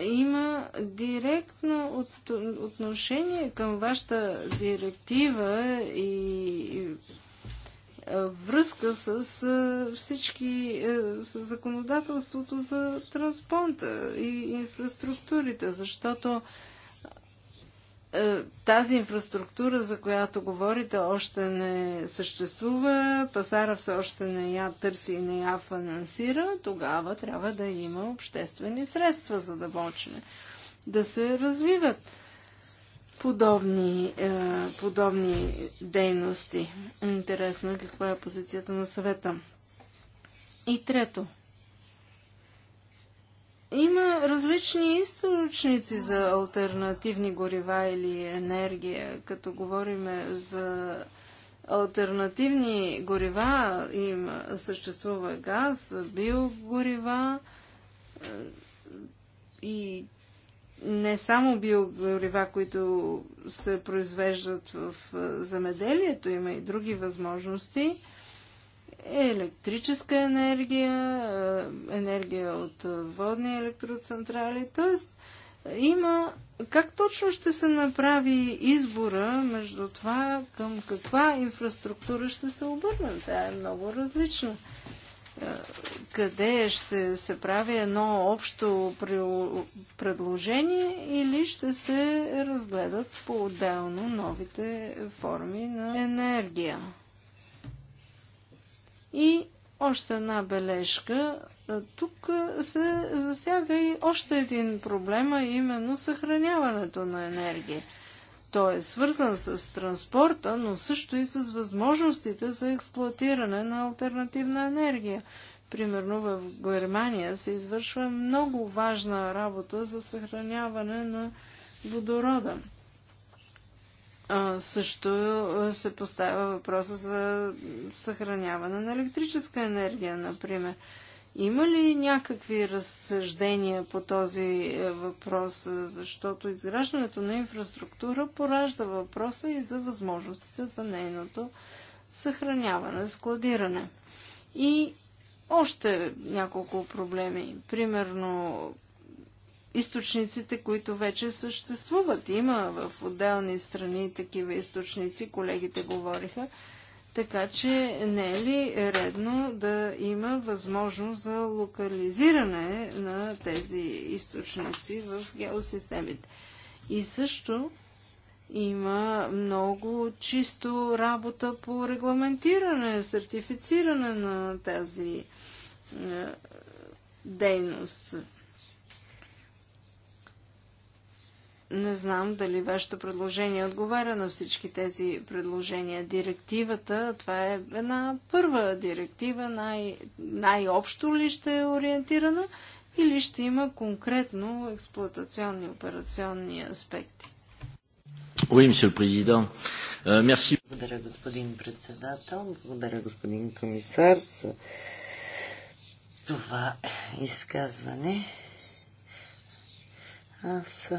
B: има директно от, отношение към вашата директива и, и връзка с всички, с законодателството за транспонта и инфраструктурите, защото тази инфраструктура, за която говорите, още не съществува, пазара все още не я търси и не я финансира, тогава трябва да има обществени средства за да почне да се развиват подобни, е, подобни дейности. Интересно е каква е позицията на съвета. И трето. Има различни източници за альтернативни горива или енергия. Като говорим за альтернативни горива, им съществува газ, биогорива е, и не само биогорива, които се произвеждат в замеделието, има и други възможности. Е, електрическа енергия, енергия от водни електроцентрали. Тоест, има как точно ще се направи избора между това към каква инфраструктура ще се обърнем. Тя е много различна къде ще се прави едно общо предложение или ще се разгледат по-отделно новите форми на енергия. И още една бележка. Тук се засяга и още един проблема, именно съхраняването на енергия. Той е свързан с транспорта, но също и с възможностите за експлуатиране на альтернативна енергия. Примерно в Германия се извършва много важна работа за съхраняване на водорода. А, също се поставя въпроса за съхраняване на електрическа енергия, например. Има ли някакви разсъждения по този е, въпрос? Защото изграждането на инфраструктура поражда въпроса и за възможностите за нейното съхраняване, складиране. И още няколко проблеми. Примерно източниците, които вече съществуват. Има в отделни страни такива източници, колегите говориха. Така че не е ли редно да има възможност за локализиране на тези източници в геосистемите? И също има много чисто работа по регламентиране, сертифициране на тази е, дейност. не знам дали вашето предложение отговаря на всички тези предложения. Директивата, това е една първа директива, най- най-общо ли ще е ориентирана или ще има конкретно експлуатационни операционни аспекти?
A: Oui, monsieur le président. Euh, merci.
C: Благодаря, господин
B: председател. Благодаря,
C: господин комисар, за това изказване. Аз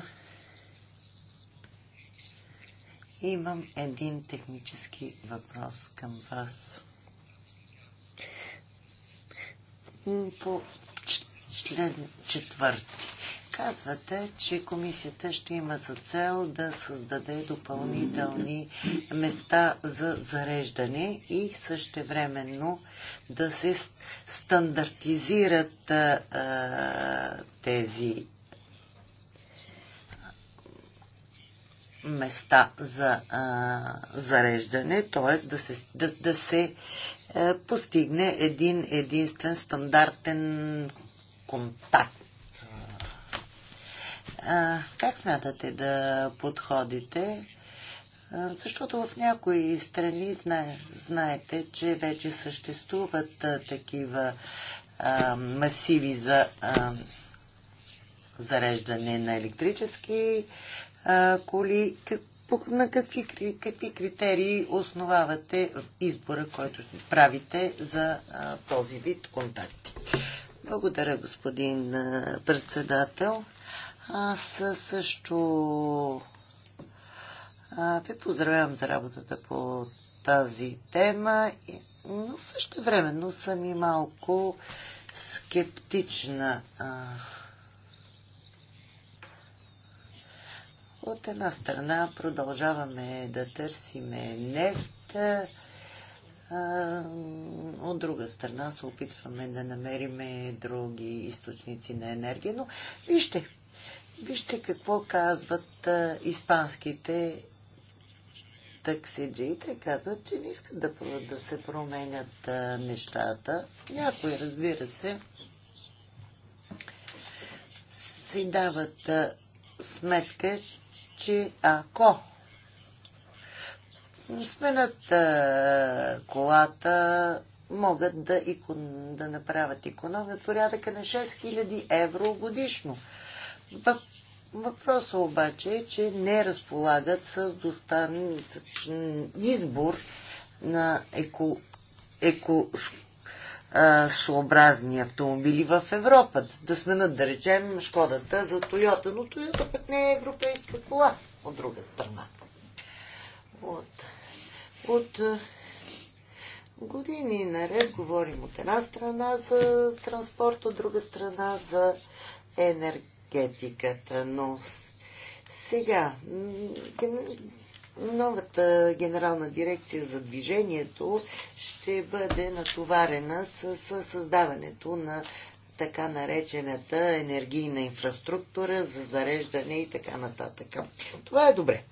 C: Имам един технически въпрос към вас. По член четвърти. Казвате, че комисията ще има за цел да създаде допълнителни места за зареждане и същевременно да се стандартизират а, тези места за а, зареждане, т.е. да се, да, да се е, постигне един единствен стандартен контакт. А, как смятате да подходите? А, защото в някои страни зна, знаете, че вече съществуват а, такива а, масиви за а, зареждане на електрически коли, на какви, какви критерии основавате избора, който ще правите за а, този вид контакти. Благодаря, господин а, председател. Аз също а, ви поздравявам за работата по тази тема, но също времено съм и малко скептична. А, От една страна продължаваме да търсиме нефт, от друга страна се опитваме да намериме други източници на енергия. Но вижте, вижте какво казват испанските таксиджиите казват, че не искат да, да се променят а, нещата. Някои, разбира се, си дават а, сметка, че ако сменят а, колата, могат да, икон, да направят економия от порядъка на 6000 евро годишно. Въпросът обаче е, че не разполагат с достатъчен избор на еко, еко съобразни автомобили в Европа. Да сменат, да речем, Шкодата за Тойота, но Тойота пък не е европейска кола, от друга страна. От, от години наред говорим от една страна за транспорт, от друга страна за енергетиката, но сега новата генерална дирекция за движението ще бъде натоварена с, създаването на така наречената енергийна инфраструктура за зареждане и така нататък. Това е добре.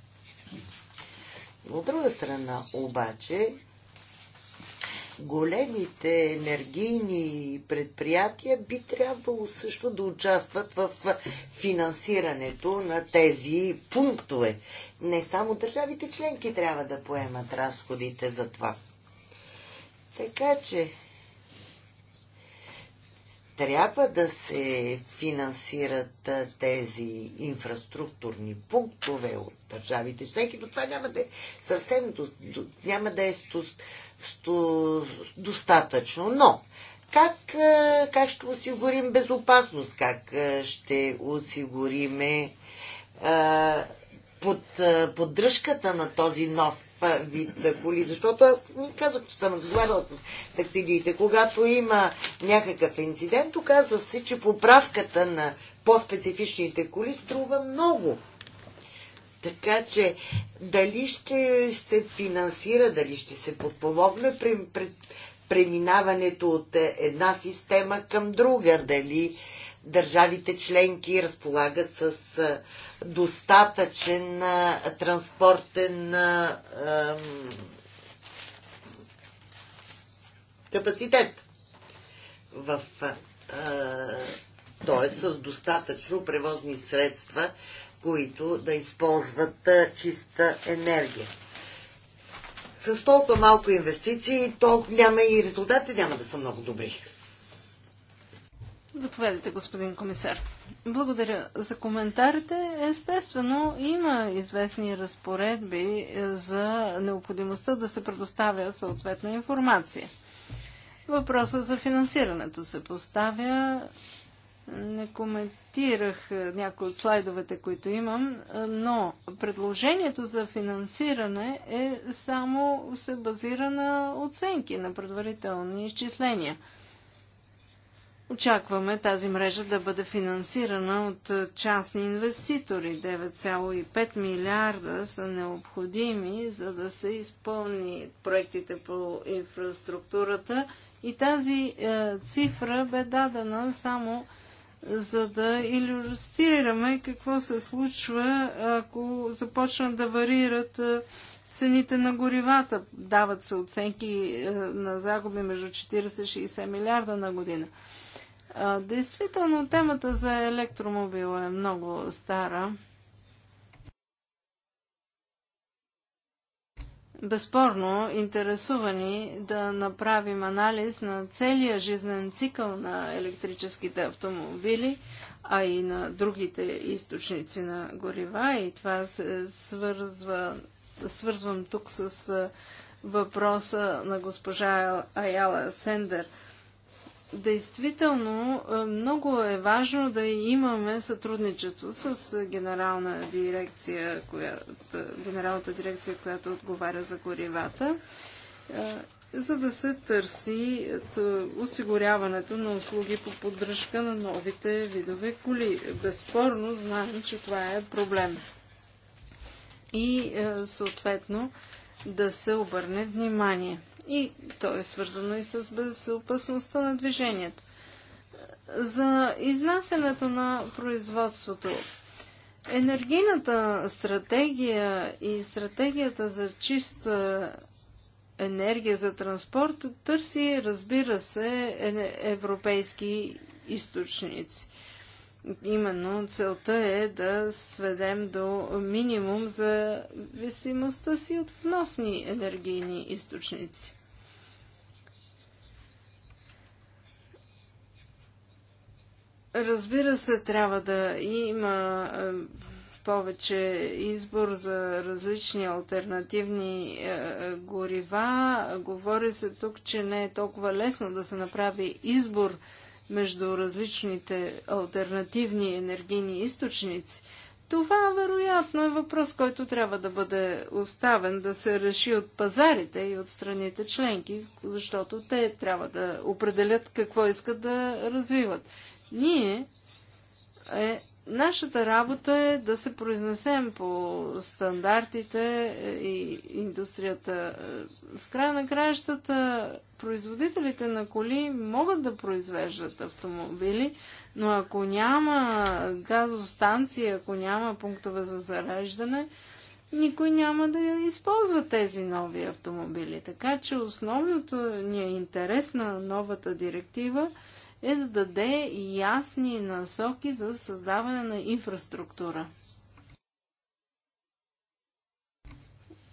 C: От друга страна, обаче, големите енергийни предприятия би трябвало също да участват в финансирането на тези пунктове. Не само държавите членки трябва да поемат разходите за това. Така че трябва да се финансират тези инфраструктурни пунктове от държавите членки, но това няма да е съвсем няма да е достатъчно. Но как, е, как ще осигурим безопасност? Как е, ще осигуриме е, под, поддръжката на този нов вид коли, защото аз ми казах, че съм разговаряла с таксидиите. Когато има някакъв инцидент, оказва се, че поправката на по-специфичните коли струва много. Така че дали ще се финансира, дали ще се подпомогне преминаването от е, една система към друга, дали държавите членки разполагат с е, достатъчен е, транспортен капацитет в т.е. с достатъчно превозни средства, които да използват чиста енергия. С толкова малко инвестиции, толкова няма и резултати няма да са много добри.
B: Заповядайте, господин комисар. Благодаря за коментарите. Естествено, има известни разпоредби е, за необходимостта да се предоставя съответна информация. Въпросът за финансирането се поставя не коментирах е, някои от слайдовете, които имам, е, но предложението за финансиране е само се базира на оценки, на предварителни изчисления. Очакваме тази мрежа да бъде финансирана от е, частни инвеститори. 9,5 милиарда са необходими, за да се изпълни проектите по инфраструктурата. И тази е, цифра бе дадена само за да иллюстрираме какво се случва, ако започнат да варират цените на горивата. Дават се оценки на загуби между 40-60 милиарда на година. Действително, темата за електромобила е много стара. безспорно интересувани да направим анализ на целия жизнен цикъл на електрическите автомобили, а и на другите източници на горива. И това се свързва, свързвам тук с въпроса на госпожа Аяла Сендер – Действително, е, много е важно да имаме сътрудничество с генерална дирекция, която, е, генералната дирекция, която отговаря за горивата, е, за да се търси осигуряването на услуги по поддръжка на новите видове коли. Безспорно знаем, че това е проблем. И съответно да се обърне внимание – и то е свързано и с безопасността на движението. За изнасянето на производството, енергийната стратегия и стратегията за чиста енергия за транспорт търси, разбира се, европейски източници. Именно целта е да сведем до минимум зависимостта си от вносни енергийни източници. Разбира се, трябва да има е, повече избор за различни альтернативни е, е, горива. Говори се тук, че не е толкова лесно да се направи избор между различните альтернативни енергийни източници. Това вероятно е въпрос, който трябва да бъде оставен да се реши от пазарите и от страните членки, защото те трябва да определят какво искат да развиват. Ние е, нашата работа е да се произнесем по стандартите е, и индустрията. Е, в края на краищата производителите на коли могат да произвеждат автомобили, но ако няма газостанции, ако няма пунктове за зареждане, никой няма да използва тези нови автомобили. Така че основното ни е интерес на новата директива – е да даде ясни насоки за създаване на инфраструктура.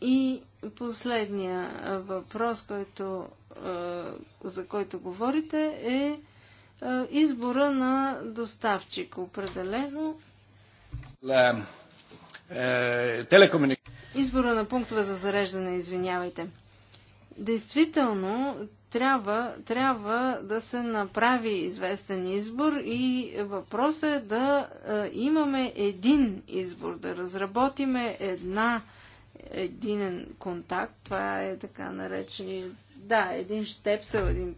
B: И последния въпрос, който, за който говорите, е избора на доставчик. Определено.
A: Е,
B: избора на пунктове за зареждане, извинявайте. Действително, трябва, трябва да се направи известен избор и въпросът е да е, имаме един избор, да разработиме една единен контакт. Това е така наречени, да, един щепсел, един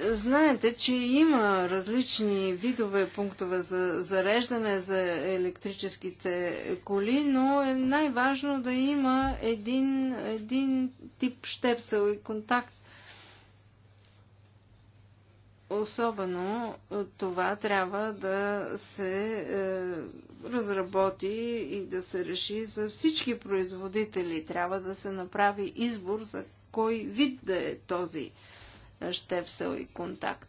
B: Знаете, че има различни видове пунктове за зареждане за електрическите коли, но е най-важно да има един, един тип щепсел и контакт. Особено е, това трябва да се е, разработи и да се реши за всички производители. Трябва да се направи избор за кой вид да е този щепсел и контакт.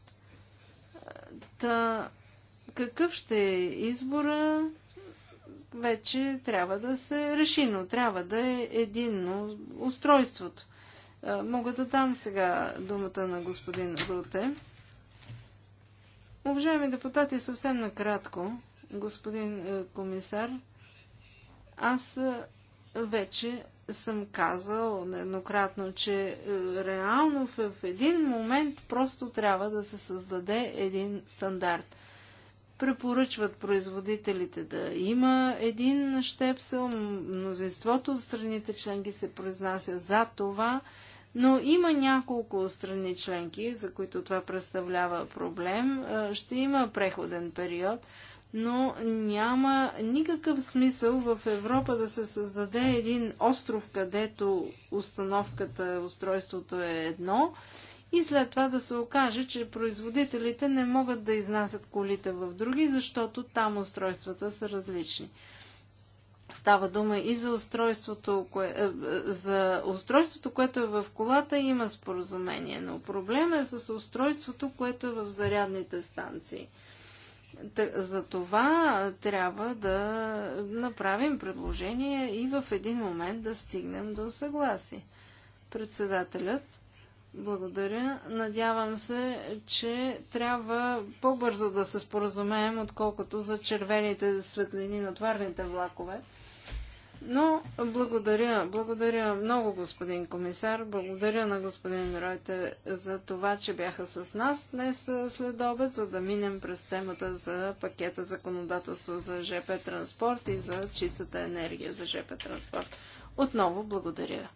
B: Та, какъв ще е избора, вече трябва да се реши, но трябва да е единно устройството. Мога да дам сега думата на господин Руте. Уважаеми депутати, съвсем накратко, господин е, комисар, аз е, вече съм казал нееднократно, че е, реално в един момент просто трябва да се създаде един стандарт. Препоръчват производителите да има един щепсел, мнозинството от страните членки се произнася за това, но има няколко страни членки, за които това представлява проблем. Е, ще има преходен период, но няма никакъв смисъл в Европа да се създаде един остров, където установката, устройството е едно и след това да се окаже, че производителите не могат да изнасят колите в други, защото там устройствата са различни. Става дума и за устройството, кое, е, е, за устройството, което е в колата, има споразумение, но проблема е с устройството, което е в зарядните станции. За това трябва да направим предложение и в един момент да стигнем до съгласие. Председателят, благодаря. Надявам се, че трябва по-бързо да се споразумеем, отколкото за червените светлини на тварните влакове. Но благодаря, благодаря много господин комисар, благодаря на господин Ройте за това, че бяха с нас днес след обед, за да минем през темата за пакета законодателство за ЖП транспорт и за чистата енергия за ЖП транспорт. Отново благодаря.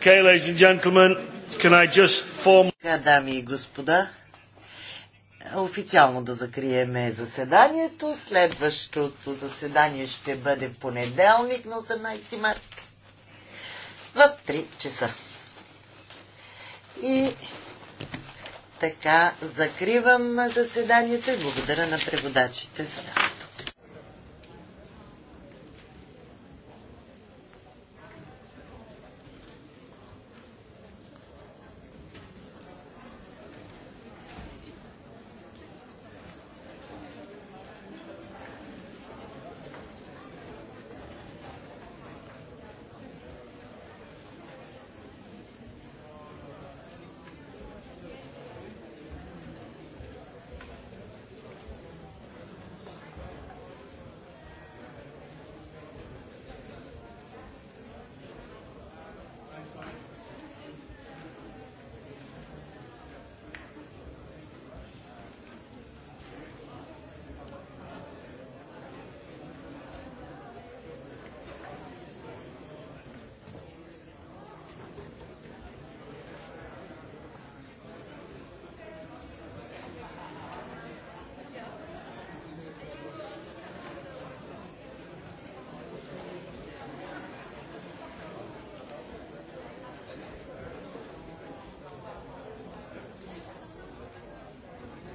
A: Okay, ladies and gentlemen, can I just form...
C: дами и господа,
A: официално да
C: закриеме заседанието. Следващото заседание ще бъде понеделник на 18 март. в 3 часа. И така закривам заседанието и благодаря на преводачите за работа.